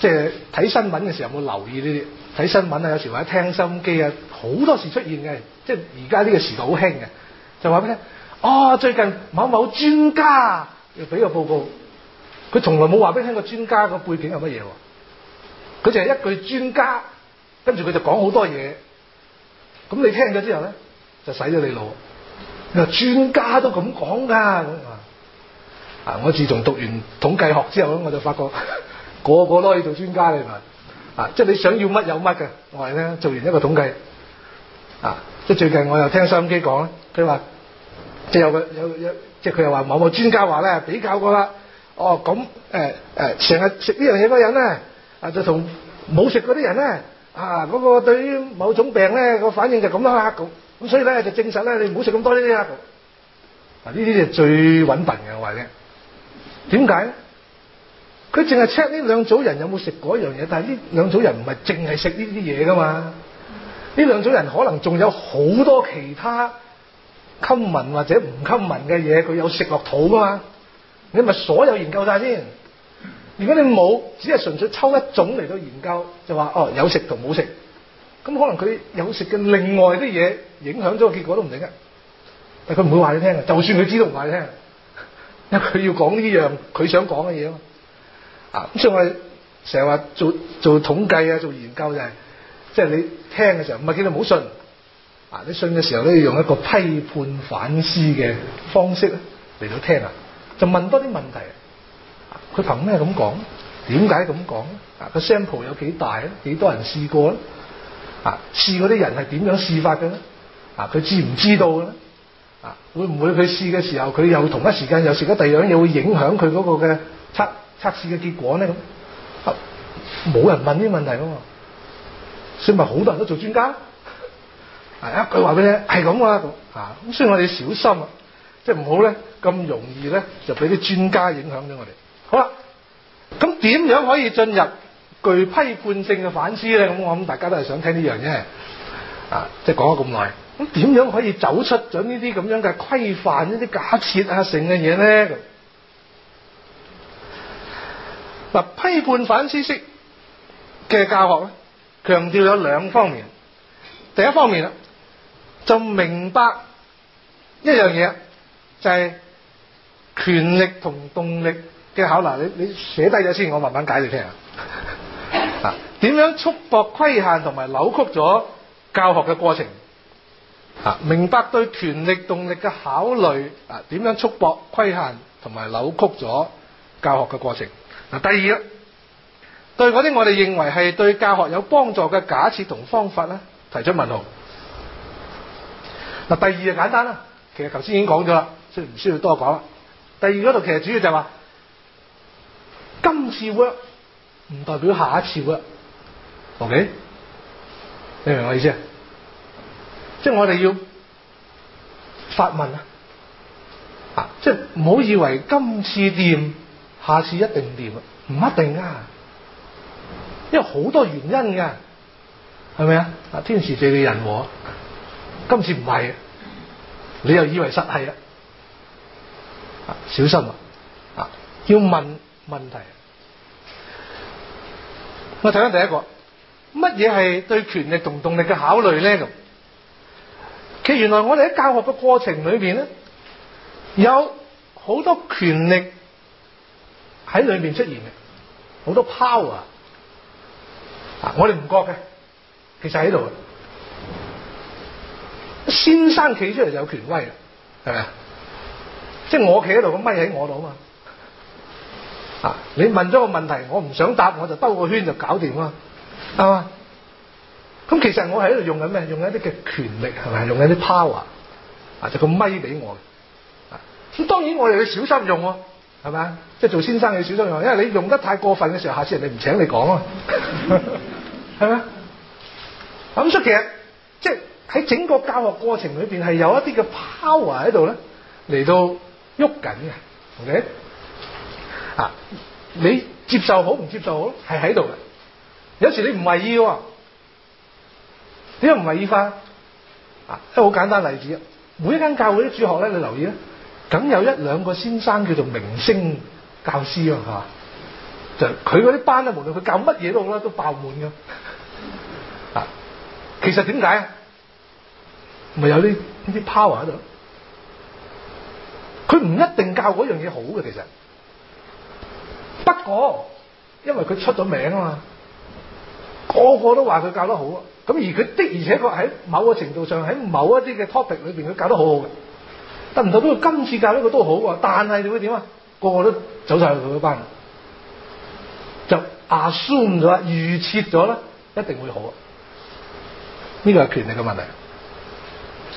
A: 即係睇新聞嘅時候有冇留意呢啲？睇新聞啊，有時或者聽收音機啊，好多時出現嘅，即係而家呢個時代好興嘅，就話俾你聽，哦，最近某某專家要俾個報告，佢從來冇話俾你聽個專家個背景係乜嘢喎。佢就係一句專家，跟住佢就講好多嘢，咁你聽咗之後咧，就洗咗你腦。你話專家都咁講㗎咁啊？啊！我自從讀完統計學之後咧，我就發覺呵呵個個都可以做專家嚟埋。啊！即係你想要乜有乜嘅，我係咧做完一個統計。啊！即係最近我又聽收音機講咧，佢話即係有個有有，即係佢又話某某專家話咧比較過啦。哦，咁誒誒，成日食呢樣嘢嗰人咧，就同冇食嗰啲人咧，啊嗰個對於某種病咧個反應就咁樣啦。咁咁所以咧就證實咧，你唔好食咁多呢啲啊。啊！呢啲就係最穩陣嘅，我話咧。點解咧？佢淨係 check 呢兩組人有冇食過一樣嘢，但係呢兩組人唔係淨係食呢啲嘢㗎嘛？呢兩組人可能仲有好多其他吸聞或者唔吸聞嘅嘢，佢有食落肚㗎嘛？你咪所有研究晒先。如果你冇，只係純粹抽一種嚟到研究，就話哦有食同冇食，咁可能佢有食嘅另外啲嘢影響咗個結果都唔定嘅。但佢唔會話你聽啊！就算佢知道唔話你聽，因為佢要講呢樣佢想講嘅嘢啊。啊！咁所以我哋成日話做做統計啊，做研究就係，即係你聽嘅時候唔係叫你唔好信，啊！你信嘅時候都要用一個批判反思嘅方式咧嚟到聽啊，就問多啲問題。佢憑咩咁講？點解咁講？啊！個 sample 有幾大咧？幾多人試過咧？啊！試嗰啲人係點樣試法嘅咧？啊！佢知唔知道嘅咧？啊！會唔會佢試嘅時候佢又同一時間又食咗第二樣嘢會影響佢嗰個嘅測測試嘅結果咧咁，冇人問呢啲問題噶嘛，所以咪好多人都做專家，係佢話俾你，係咁噶，咁啊咁，所以我哋小心啊，即係唔好咧咁容易咧就俾啲專家影響咗我哋。好啦，咁點樣可以進入具批判性嘅反思咧？咁我諗大家都係想聽呢樣啫，啊，即係講咗咁耐，咁、嗯、點樣可以走出咗、啊、呢啲咁樣嘅規範、呢啲假設啊性嘅嘢咧？嗱，批判反思式嘅教學咧，強調咗兩方面。第一方面啦，就明白一樣嘢，就係權力同動力嘅考慮。嗱，你你寫低咗先，我慢慢解釋你聽啊。點樣束縛、規限同埋扭曲咗教學嘅過程啊？明白對權力、動力嘅考慮啊？點樣束縛、規限同埋扭曲咗教學嘅過程？嗱，第二啦，對嗰啲我哋認為係對教學有幫助嘅假設同方法咧，提出問號。嗱，第二就簡單啦，其實頭先已經講咗啦，所以唔需要多講啦。第二嗰度其實主要就係話，今次 work 唔代表下一次 work，OK？你明唔明我意思？即係我哋要發問啊，即係唔好以為今次掂。下次一定掂啦，唔一定啊，因為好多原因嘅、啊，係咪啊？天時地利人和，今次唔係、啊，你又以為實係啊？小心啊！要問問題、啊。我睇下第一個，乜嘢係對權力同動力嘅考慮咧咁？其實原來我哋喺教學嘅過程裏邊咧，有好多權力。喺裏面出現嘅好多 power 啊，我哋唔覺嘅，其實喺度。先生企出嚟，就有權威啦，係咪啊？即係我企喺度，個咪喺我度啊嘛！啊，你問咗個問題，我唔想答，我就兜個圈就搞掂啦，係嘛？咁其實我喺度用緊咩？用緊一啲嘅權力，係咪？用緊啲 power 啊！就個咪俾我嘅。咁當然我哋要小心用啊，係咪啊？即係做先生嘅小使用，因為你用得太過分嘅時候，下次人哋唔請你講啊，係 咪？咁所以其實即係喺整個教學過程裏邊係有一啲嘅 power 喺度咧，嚟到喐緊嘅，OK？啊，你接受好唔接受好，係喺度嘅。有時你唔係要啊，點解唔懷疑翻？啊，即係好簡單例子啊！每一間教會啲主學咧，你留意咧，梗有一兩個先生叫做明星。教師啊，係就佢嗰啲班咧，無論佢教乜嘢都好啦，都爆滿嘅。啊，其實點解啊？咪有啲呢啲 power 喺度。佢唔一定教嗰樣嘢好嘅，其實。不過，因為佢出咗名啊嘛，個個都話佢教得好啊。咁而佢的而且確喺某個程度上，喺某一啲嘅 topic 裏邊，佢教得很好好嘅。但得唔代表佢今次教呢個都好啊，但係你會點啊？個個都走晒去佢嗰班，就 assume 咗，預設咗咧，一定會好啊！呢個係權力嘅問題，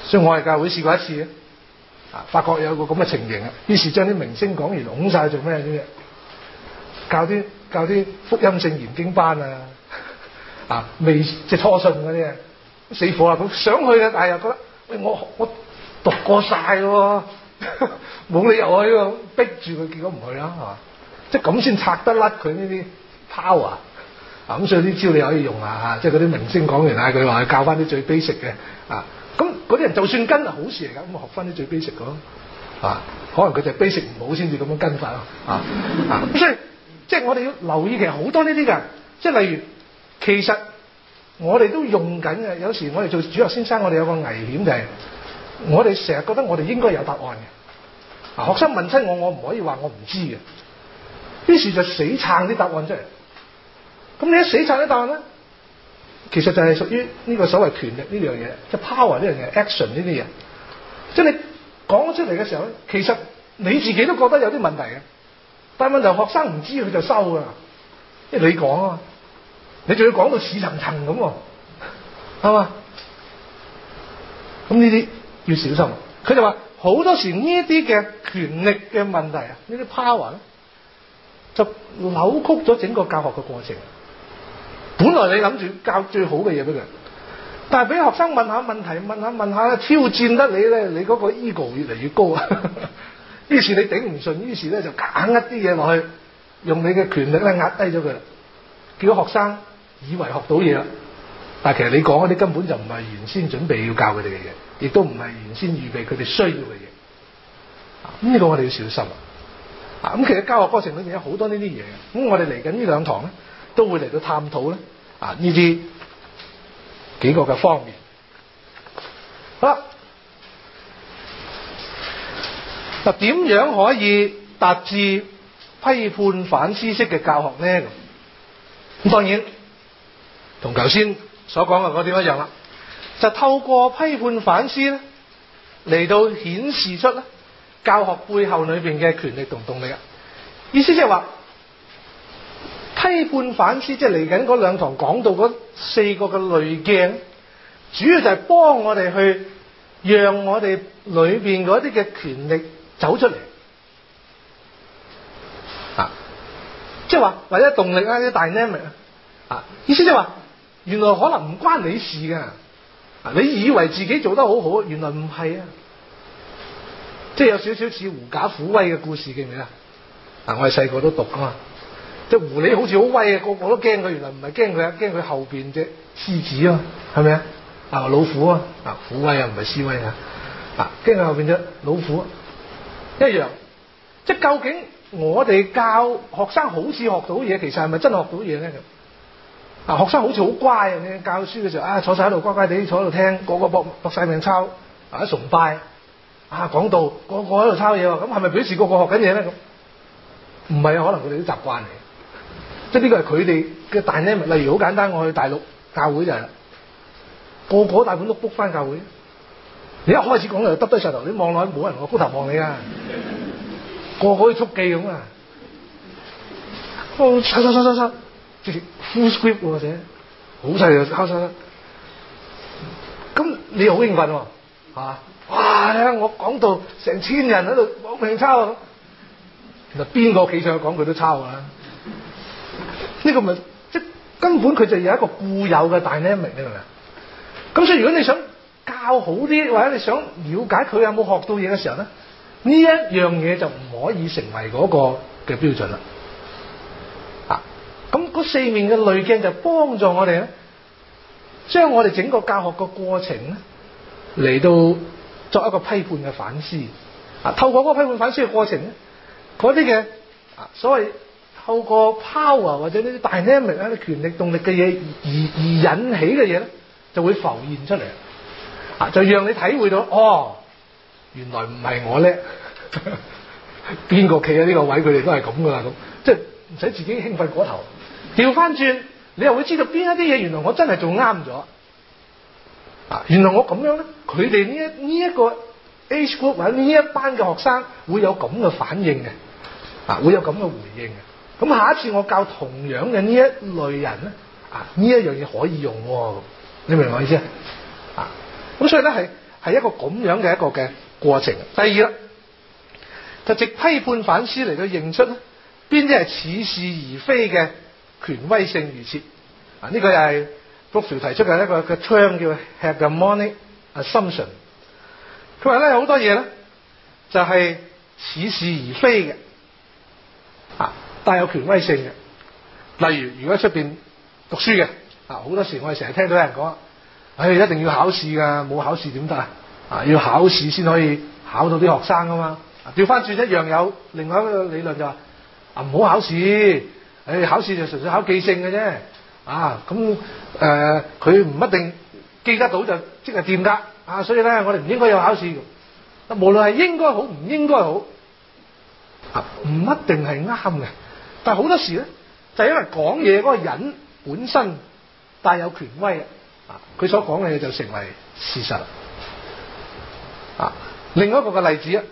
A: 所以我係教會試過一次啊，發覺有個咁嘅情形啊，於是將啲明星講完，擁曬做咩先？教啲教啲福音性研經班呀、啊，未即係初信嗰啲啊，死火啊咁，想去嘅，但係又覺得，喂，我我讀過曬喎。冇 理由啊！呢個逼住佢，結果唔去啦，係嘛、啊？即係咁先拆得甩佢呢啲 power 啊！咁所以啲招你可以用下，即係嗰啲明星講完啊，佢話去教翻啲最 basic 嘅啊，咁嗰啲人就算跟係好事嚟㗎，咁學翻啲最 basic 噶，啊，可能佢就 basic 唔好先至咁樣跟法咯啊！咁、啊、 所以即係我哋要留意，其實好多呢啲㗎，即係例如，其實我哋都用緊嘅，有時我哋做主日學先生，我哋有個危險就係我哋成日覺得我哋應該有答案嘅，啊，學生問親我，我唔可以話我唔知嘅，於是就死撐啲答案出嚟。咁你一死撐啲答案咧，其實就係屬於呢個所謂權力呢樣嘢，即係 power 呢樣嘢，action 呢啲嘢。即係你講出嚟嘅時候咧，其實你自己都覺得有啲問題嘅，但係問題學生唔知佢就收噶啦，即係你講啊嘛，你仲要講到似層層咁，係嘛？咁呢啲。越小心，佢就話好多時呢啲嘅權力嘅問題啊，呢啲 power 咧就扭曲咗整個教學嘅過程。本來你諗住教最好嘅嘢俾佢，但係俾學生問下問題，問下問下挑戰得你咧，你嗰個 ego 越嚟越高啊。於 是你頂唔順，於是咧就硬一啲嘢落去，用你嘅權力咧壓低咗佢。叫學生以為學到嘢啦。但係其實你講嗰啲根本就唔係原先準備要教佢哋嘅嘢，亦都唔係原先預備佢哋需要嘅嘢。咁呢個我哋要小心。啊，咁其實教學過程裏邊有好多呢啲嘢嘅。咁我哋嚟緊呢兩堂咧，都會嚟到探討咧啊呢啲幾個嘅方面。好啦，嗱點樣可以達至批判反思式嘅教學呢？咁當然同頭先。所講嘅嗰點一樣啦，就透過批判反思咧，嚟到顯示出咧教學背後裏邊嘅權力同動力啊。意思即係話，批判反思即係嚟緊嗰兩堂講到嗰四個嘅濾鏡，主要就係幫我哋去讓我哋裏邊嗰啲嘅權力走出嚟啊。即係話或者動力啊啲大啊，意思即係話。原來可能唔關你事噶，你以為自己做得好好，原來唔係啊，即係有少少似狐假虎威嘅故事記唔記得啊？嗱，我哋細個都讀啊嘛，即係狐狸好似好威啊，個個都驚佢，原來唔係驚佢啊，驚佢後邊隻獅子啊，係咪啊？啊老虎啊，虎威啊，唔係獅威啊，啊驚佢後邊隻老虎，啊，一樣，即係究竟我哋教學生好似學到嘢，其實係咪真係學到嘢咧？學生好似好乖啊！你教書嘅時候啊，坐晒喺度乖乖哋坐喺度聽，個個搏搏晒命抄，啊崇拜啊講道個個喺度抄嘢喎，咁係咪表示個個學緊嘢咧？咁唔係啊，可能佢哋都習慣嚟，即係呢個係佢哋嘅大呢。例如好簡單，我去大陸教會就係、是、個個大本都 book 返教會，你一開始講就耷低晒頭，你望落去冇人我高頭望你啊，個個好似速記咁啊，啊啊啊啊啊啊啊即係 full script 或者
B: 好細嘅抄
A: 生，咁你好興奮啊！哇，我講到成千人喺度拼命抄，其實邊個企上去講佢都抄噶啦。呢個咪即係根本佢就有一個固有嘅 dynamic 咧。咁所以如果你想教好啲，或者你想了解佢有冇學到嘢嘅時候咧，呢一樣嘢就唔可以成為嗰個嘅標準啦。咁四面嘅濾鏡就幫助我哋咧，將我哋整個教學嘅過程咧，嚟到作一個批判嘅反思。啊，透過嗰個批判反思嘅過程咧，嗰啲嘅啊所謂透過 power 或者呢啲 dynamic 啊啲權力動力嘅嘢而而引起嘅嘢咧，就會浮現出嚟，啊就讓你體會到哦，原來唔係我叻，邊個企喺呢個位，佢哋都係咁噶啦，咁即係唔使自己興奮過頭。調翻轉，你又會知道邊一啲嘢，原來我真係做啱咗啊！原來我咁樣咧，佢哋呢一呢一,一個 age group 或者呢一班嘅學生會有咁嘅反應嘅，啊會有咁嘅回應嘅。咁、啊、下一次我教同樣嘅呢一類人咧，啊呢一樣嘢可以用、哦，你明唔明我意思啊？咁所以咧係係一個咁樣嘅一個嘅過程。第二啦，就直批判反思嚟到認出咧，邊啲係似是而非嘅。權威性預設啊，呢、這個又係福遜提出嘅一個嘅 term 叫 Hegemonic assumption。佢話咧好多嘢咧就係似是此事而非嘅啊，帶有權威性嘅。例如如果出面讀書嘅啊，好多時我哋成日聽到啲人講、哎：，一定要考試㗎，冇考試點得啊？啊要考試先可以考到啲學生㗎嘛？調翻轉一樣有另外一個理論就話、是：，唔、啊、好考試。你考試就純粹考記性嘅啫，啊咁誒，佢唔一定記得到就即係掂噶，啊所以咧我哋唔應該有考試嘅，無論係應該好唔應該好，啊唔一定係啱嘅，但係好多時咧就因為講嘢嗰個人本身帶有權威啊，佢所講嘅嘢就成為事實啊。另一個嘅例子啊，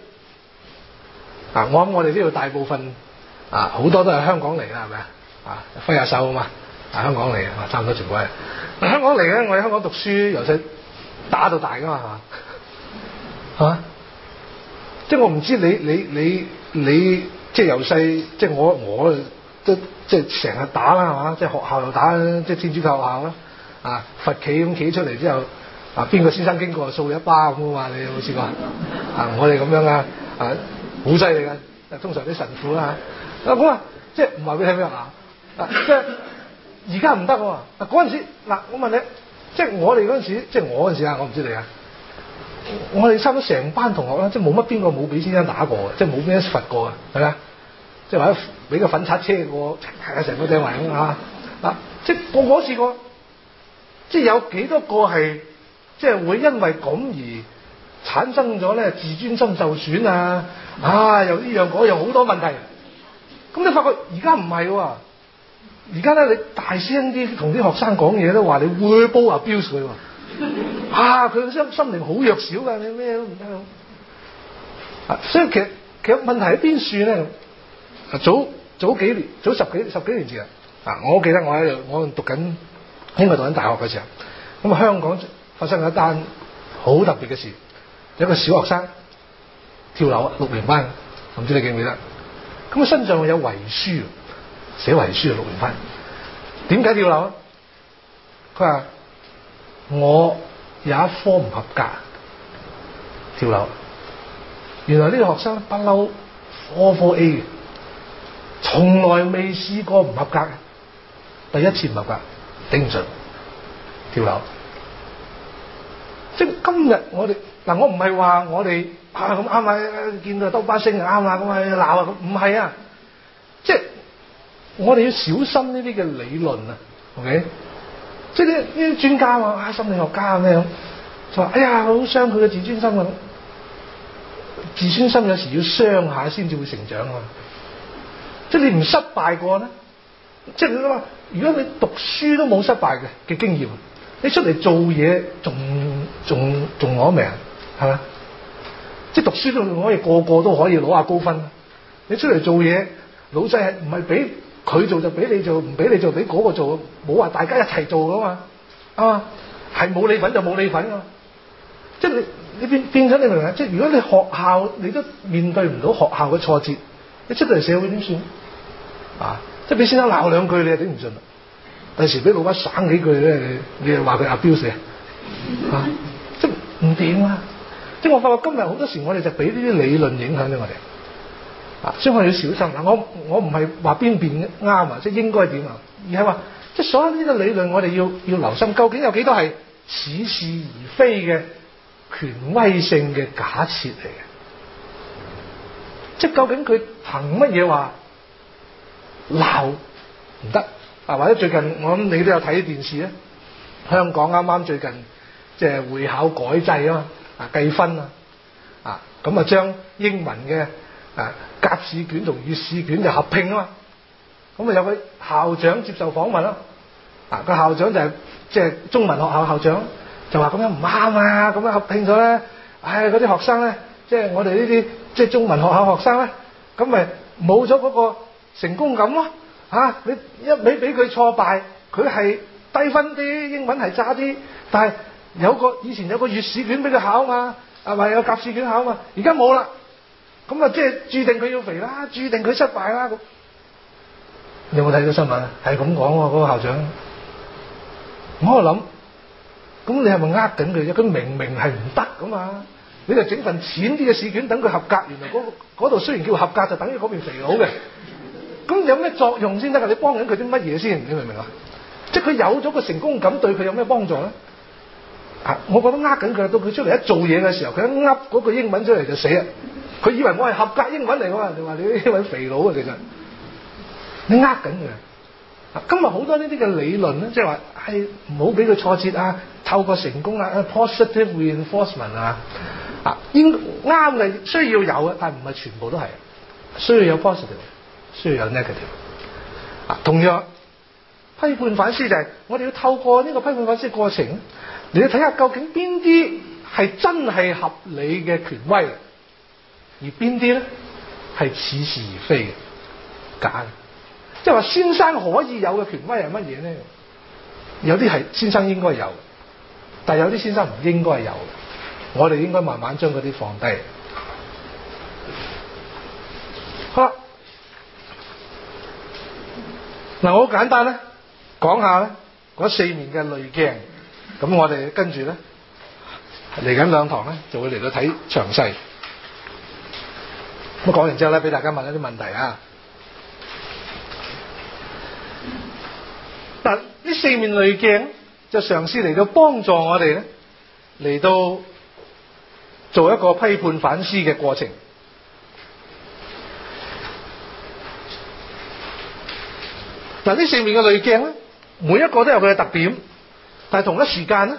A: 啊我諗我哋呢度大部分。啊，好多都係香港嚟嘅，係咪啊？啊，揮下手啊嘛，啊，香港嚟嘅，差唔多全部係、啊、香港嚟嘅。我喺香港讀書，由細打到大噶嘛，嚇、啊！即、啊、係、就是、我唔知你你你你，即係由細，即係、就是就是、我我都即係成日打啦，係嘛？即、就、係、是、學校又打，即、就、係、是、天主教學校啦，啊，罰企咁企出嚟之後，啊，邊個先生經過掃一巴咁啊？你有冇試過？ 啊，我哋咁樣啊，啊，好犀利噶！通常啲神父啊～啊咁啊，即係唔話俾你聽咩啊？即係而家唔得啊！嗱，陣時，嗱，我問你，即係我哋陣時，即係我陣時啊，我唔知你啊。我哋差唔多成班同學啦，即係冇乜邊個冇俾先生打過嘅，即係冇邊個罰過啊，係咪啊？即係話俾個粉刷車過，係啊，成個正圍咁啊！即係我我試過，即係有幾多個係，即係會因為咁而產生咗咧自尊心受損啊！啊，又呢樣樣好多問題。咁你發覺而家唔係喎，而家咧你大聲啲同啲學生講嘢都話你會報 abuse 喎，啊， 啊佢心心靈好弱小㗎，你咩都唔得啊，所以其實其實問題喺邊處咧？早早幾年，早十幾十幾年前啊，啊我記得我喺度，我讀緊英國讀緊大學嘅時候，咁啊香港發生咗一單好特別嘅事，有個小學生跳樓啊，六年班，唔知你記唔記得？咁佢身上有遺書，寫遺書啊，六年班，點解跳樓啊？佢話我有一科唔合格，跳樓。原來呢個學生不嬲科科 A 嘅，從來未試過唔合格嘅，第一次唔合格，頂唔順，跳樓。即係今日我哋。嗱，我唔係話我哋吓，咁啱啊！見到兜巴星啊，啱啊咁啊鬧啊，唔係啊，即係我哋要小心呢啲嘅理論啊，OK？即係呢啲專家啊，心理學家啊咩咁，就話哎呀，好傷佢嘅自尊心咁，自尊心有時要傷下先至會成長啊！即係你唔失敗過咧，即係你諗下如果你讀書都冇失敗嘅嘅經驗，你出嚟做嘢仲仲仲攞命？係嘛？即係讀書都可以個個都可以攞下高分。你出嚟做嘢，老細係唔係俾佢做就俾你做，唔俾你做俾嗰個做，冇話大家一齊做噶嘛。啊，係冇你份就冇你份噶嘛。即係你你變變咗你明啊，即係如果你學校你都面對唔到學校嘅挫折，你出到嚟社會點算？啊，即係俾先生鬧兩句你又頂唔順啦。第時俾老闆省幾句咧，你又話佢阿彪死啊？吓，即係唔掂啦。即係我發覺今日好多時，我哋就俾呢啲理論影響咗我哋。啊，所以我哋要小心啦。我我唔係話邊邊啱啊，即係應該點啊，而係話即係所有呢個理論我哋，我哋要要留心，究竟有幾多係似是而非嘅權威性嘅假設嚟嘅？即係究竟佢憑乜嘢話鬧唔得？啊，或者最近我諗，你都有睇電視啊？香港啱啱最近即係會考改制啊嘛。啊，計分啊！啊，咁啊將英文嘅啊甲試卷同乙試卷就合拼啊嘛！咁啊有位校長接受訪問咯，啊個校長就係即係中文學校校長，就話咁樣唔啱啊！咁樣合拼咗咧，唉嗰啲學生咧，即係我哋呢啲即係中文學校學生咧，咁咪冇咗嗰個成功感咯嚇！你一味俾佢挫敗，佢係低分啲，英文係渣啲，但係，有個以前有個月試卷俾佢考嘛，係咪有甲試卷考嘛？而家冇啦，咁啊即係注定佢要肥啦，注定佢失敗啦。你有冇睇到新聞？係咁講喎，嗰個校長。我喺度諗，咁你係咪呃緊佢？佢明明係唔得噶嘛，你就整份淺啲嘅試卷等佢合格。原來嗰度雖然叫合格，就等於嗰邊肥佬嘅。咁有咩作用先得噶？你幫緊佢啲乜嘢先？你明唔明啊？即係佢有咗個成功感，對佢有咩幫助咧？啊！我覺得呃緊佢，到佢出嚟一做嘢嘅時候，佢一呃嗰句英文出嚟就死啦！佢以為我係合格英文嚟㗎嘛？就話你呢位肥佬啊，其實你呃緊佢啊！今日好多呢啲嘅理論咧，即係話係唔好俾佢挫折啊，透過成功啊，positive reinforcement 啊，啊應啱嘅需要有嘅，但唔係全部都係需要有 positive，需要有 negative。啊，同樣批判反思就係、是、我哋要透過呢個批判反思過程。你要睇下究竟邊啲係真係合理嘅權威，而邊啲咧係似是而非嘅假嘅。即係話先生可以有嘅權威係乜嘢咧？有啲係先生應該有，但係有啲先生唔應該有。我哋應該慢慢將嗰啲放低。好啦，嗱我簡單咧講下咧嗰四年嘅濾鏡。咁我哋跟住咧，嚟緊兩堂咧，就會嚟到睇詳細。咁講完之後咧，俾大家問一啲問題啊。嗱，呢四面濾鏡就嘗試嚟到幫助我哋咧，嚟到做一個批判反思嘅過程。嗱，呢四面嘅濾鏡咧，每一個都有佢嘅特點。但係同一時間咧，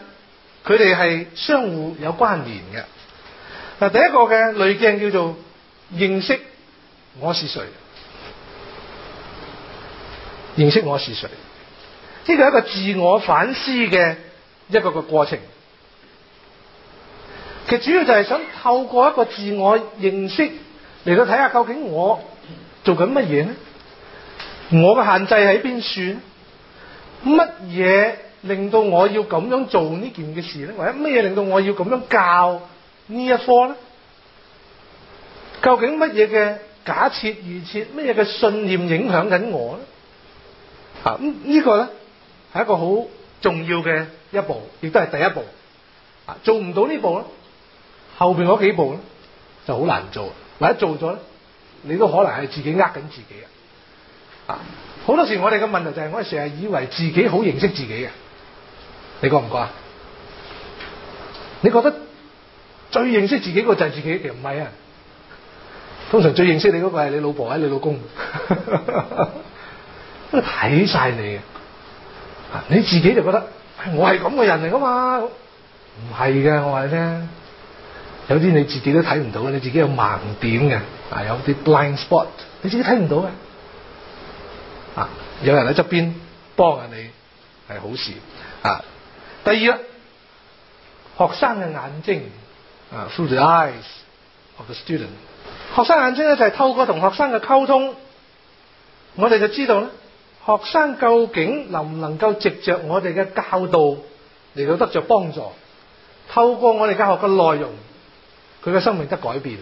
A: 佢哋係相互有關聯嘅。嗱，第一個嘅稜鏡叫做認識我是誰，認識我是誰，呢個係一個自我反思嘅一個個過程。其實主要就係想透過一個自我認識嚟到睇下究竟我做緊乜嘢咧，我嘅限制喺邊，算乜嘢令到我要咁樣做呢件嘅事咧，或者咩嘢令到我要咁樣教呢一科咧？究竟乜嘢嘅假設預設，乜嘢嘅信念影響緊我咧？啊，咁、嗯這個、呢個咧係一個好重要嘅一步，亦都係第一步。啊，做唔到呢步咧，後邊嗰幾步咧就好難做、啊。或者做咗咧，你都可能係自己呃緊自己啊，好多時我哋嘅問題就係、是、我哋成日以為自己好認識自己嘅。你覺唔覺啊？你覺得最認識自己個就係自己，唔係啊？通常最認識你嗰個係你老婆或、啊、者你老公，因為睇晒你啊！你自己就覺得喂我係咁嘅人嚟噶嘛？唔係嘅，我話你聽，有啲你自己都睇唔到嘅，你自己有盲點嘅啊，有啲 blind spot，你自己睇唔到嘅啊，有人喺側邊幫下你係好事啊！第二啦，學生嘅眼睛啊，uh，through the eyes of the student，學生眼睛咧就係透過同學生嘅溝通，我哋就知道咧，學生究竟能唔能夠藉着我哋嘅教導嚟,到得着幫助，透過我哋教學嘅內容，佢嘅生命得改變。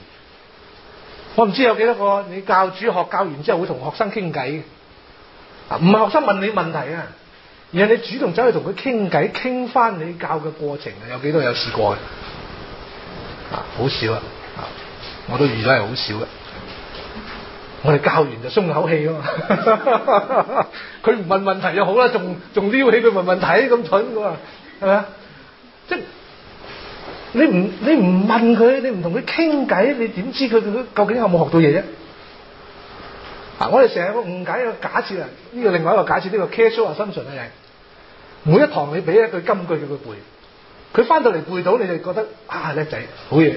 A: 我唔知有幾多個你教主學教完之後會同學生傾偈啊，唔係學生問你問題啊。而係你主動走去同佢傾偈，傾翻你教嘅過程，有幾多有試過嘅？啊，好少啊！我都遇咗係好少嘅。我哋教完就鬆口氣啊嘛！佢 唔 問問題就好啦，仲仲撩起佢問問題咁蠢嘅嘛？係咪啊？即係你唔你唔問佢，你唔同佢傾偈，你點知佢究竟有冇學到嘢啫？嗱、啊，我哋成日個誤解一個假設啊，呢、這個另外一個假設呢個 casual 哦，深長嘅嘢。每一堂你俾一句金句叫佢背，佢翻到嚟背到你就覺得啊，叻仔好嘢，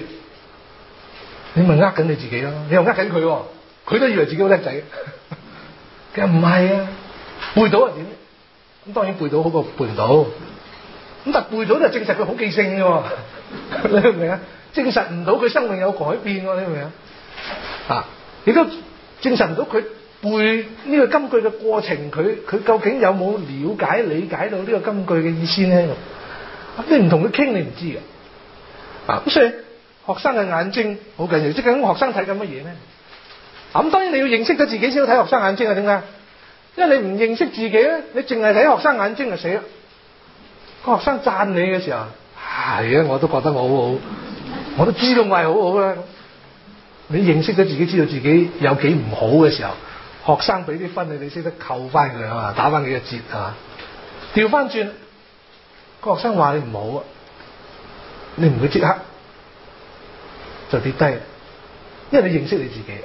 A: 你咪呃緊你自己咯，你又呃緊佢，佢都以為自己好叻仔。其實唔係啊，背到係點？咁當然背到好過背唔到，咁但係背到都係證實佢好記性嘅，你明唔明啊？證實唔到佢生命有改變，你明唔明啊？啊，你都。證實唔到佢背呢個金句嘅過程，佢佢究竟有冇了解理解到呢個金句嘅意思咧？你唔同佢傾，你唔知嘅。啊，咁所以學生嘅眼睛好緊要，即係咁學生睇緊乜嘢咧？咁、啊、當然你要認識咗自己先好睇學生眼睛啊？點解？因為你唔認識自己咧，你淨係睇學生眼睛就死啦。個學生讚你嘅時候，係 啊，我都覺得我好好，我都知道我係好好啦。你認識咗自己，知道自己有幾唔好嘅時候，學生俾啲分你，你識得扣翻佢啊，打翻幾個折啊，調翻轉，個學生話你唔好啊，你唔會即刻就跌低，因為你認識你自己，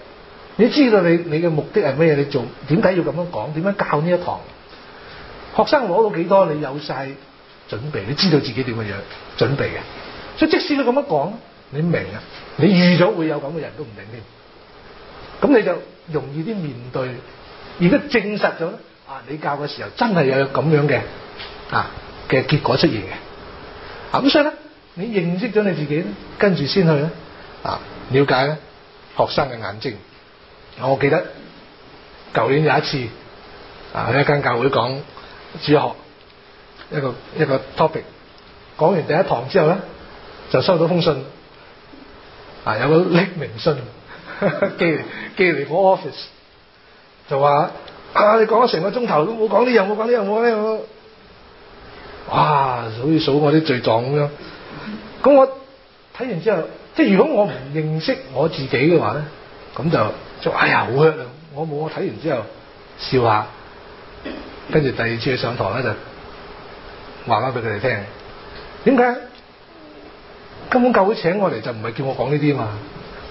A: 你知道你你嘅目的係咩？你做點解要咁樣講？點樣教呢一堂？學生攞到幾多？你有晒準備，你知道自己點嘅樣準備嘅，所以即使你咁樣講。你明啊？你預咗會有咁嘅人都唔定添，咁你就容易啲面對。而家證實咗咧，啊，你教嘅時候真係有咁樣嘅啊嘅結果出現嘅，啊咁所以咧，你認識咗你自己咧，跟住先去咧，啊了解咧、啊，學生嘅眼睛。我記得舊年有一次啊喺一間教會講主學一個一個 topic，講完第一堂之後咧就收到封信。啊！有個匿名信寄嚟，寄嚟我 Office，就話：啊，你講咗成個鐘頭都冇講呢樣，冇講呢樣，冇呢樣，哇！好似數我啲罪狀咁樣，咁我睇完之後，即係如果我唔認識我自己嘅話咧，咁就就哎呀，好啊！我冇我睇完之後笑下，跟住第二次去上台咧就話翻俾佢哋聽，點解？根本教會請我嚟就唔係叫我講呢啲啊嘛，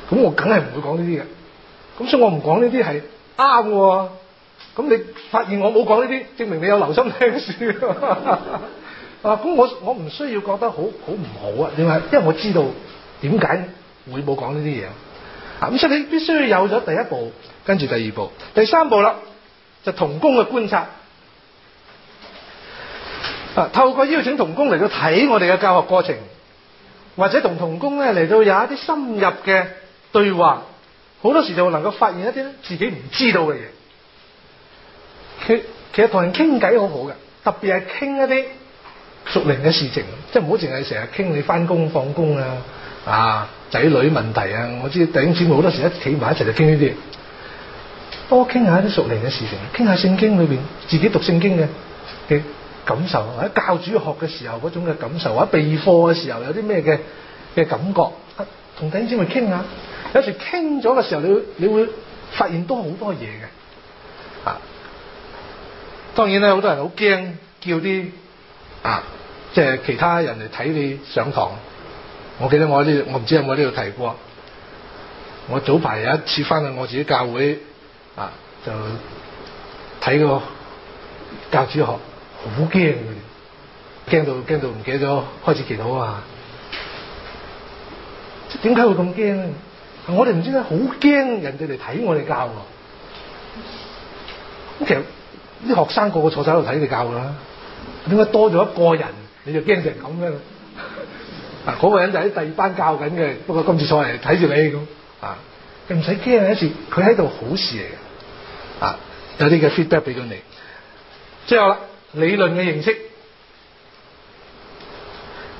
A: 咁我梗係唔會講呢啲嘅，咁所以我唔講呢啲係啱嘅。咁你發現我冇講呢啲，證明你有留心聽書啊！咁 我我唔需要覺得好好唔好啊，點解，因為我知道點解會冇講呢啲嘢啊！咁所以你必須要有咗第一步，跟住第二步、第三步啦，就同工嘅觀察啊，透過邀請同工嚟到睇我哋嘅教學過程。或者同同工咧嚟到有一啲深入嘅對話，好多時就能夠發現一啲自己唔知道嘅嘢。其實同人傾偈好好嘅，特別係傾一啲屬靈嘅事情，即係唔好淨係成日傾你返工放工啊、啊仔女問題啊。我知弟兄姊妹好多時一企埋一齊就傾呢啲，多傾下一啲屬靈嘅事情，傾下聖經裏邊自己讀聖經嘅。感受或者教主學嘅時候嗰種嘅感受或者備課嘅時候有啲咩嘅嘅感覺？同弟兄姊妹傾下，有時傾咗嘅時候你，你你會發現多好多嘢嘅。啊，當然咧，好多人好驚叫啲啊，即係其他人嚟睇你上堂。我記得我呢，我唔知有冇呢度提過。我早排有一次翻去我自己教會啊，就睇個教主學。好驚驚驚到驚到唔記得咗開始祈禱啊！即點解會咁驚咧？我哋唔知解好驚人哋嚟睇我哋教喎。咁其實啲學生個個坐晒喺度睇你教噶啦，點解多咗一個人你就驚成咁嘅啦？嗰、嗰個人就喺第二班教緊嘅，不過今次坐嚟睇住你咁啊，唔使驚啊！一次佢喺度好事嚟嘅啊，有啲嘅 feedback 俾咗你，最後啦。理論嘅認識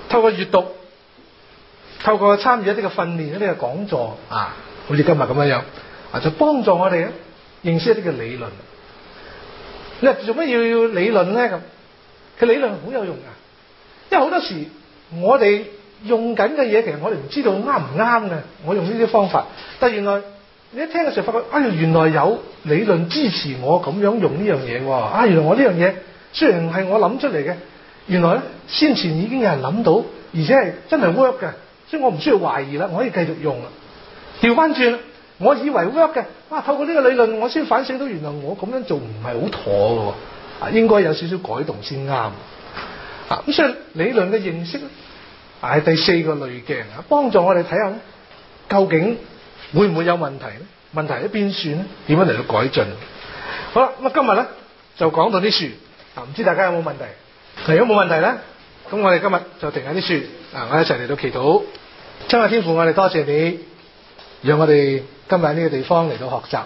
A: 透過閱讀，透過參與一啲嘅訓練，一啲嘅講座啊，好似今日咁樣樣啊，就幫助我哋認識一啲嘅理論。你話做咩要要理論咧？咁，佢理論好有用㗎！因為好多時我哋用緊嘅嘢，其實我哋唔知道啱唔啱嘅。我用呢啲方法，但係原來你一聽嘅時候，發覺啊，原來有理論支持我咁樣用呢樣嘢喎。啊，原來我呢樣嘢。雖然係我諗出嚟嘅，原來咧，先前已經有人諗到，而且係真係 work 嘅，所以我唔需要懷疑啦，我可以繼續用啦。調翻轉，我以為 work 嘅，啊，透過呢個理論，我先反省到，原來我咁樣做唔係好妥喎，應該有少少改動先啱。啊，咁，啊、所以理論嘅認識咧係、啊、第四個濾鏡，幫助我哋睇下咧，究竟會唔會有問題咧？問題喺邊算咧？點樣嚟到改進？好啦，咁今日咧就講到呢度。唔知大家有冇問題？如果冇問題咧，咁我哋今日就停下啲樹，我一齊嚟到祈禱。真嘅天父，我哋多謝你，讓我哋今日喺呢個地方嚟到學習。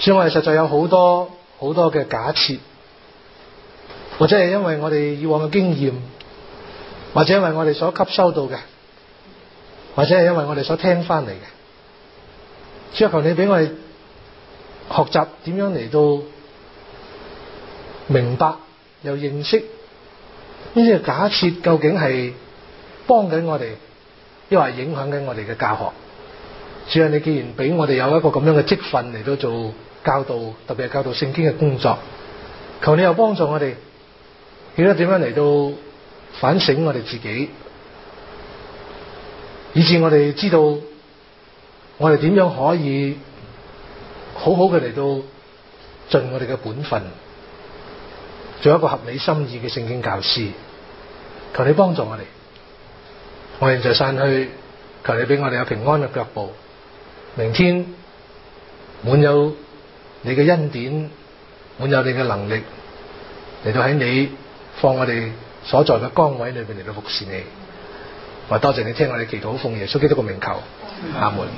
A: 所以我哋實在有好多好多嘅假設，或者係因為我哋以往嘅經驗，或者因為我哋所吸收到嘅，或者係因為我哋所聽翻嚟嘅。只求你俾我哋學習點樣嚟到。明白又認識呢啲假設究竟係幫緊我哋，抑或影響緊我哋嘅教學？主啊，你既然俾我哋有一個咁樣嘅職份嚟到做教導，特別係教導聖經嘅工作，求你又幫助我哋，記得點樣嚟到反省我哋自己，以至我哋知道我哋點樣可以好好嘅嚟到盡我哋嘅本分。做一個合理心意嘅聖經教師，求你幫助我哋。我現在散去，求你俾我哋有平安嘅腳步。明天滿有你嘅恩典，滿有你嘅能力嚟到喺你放我哋所在嘅崗位裏邊嚟到服侍你。我多謝你聽我哋祈禱，奉耶穌基督嘅名求，阿門。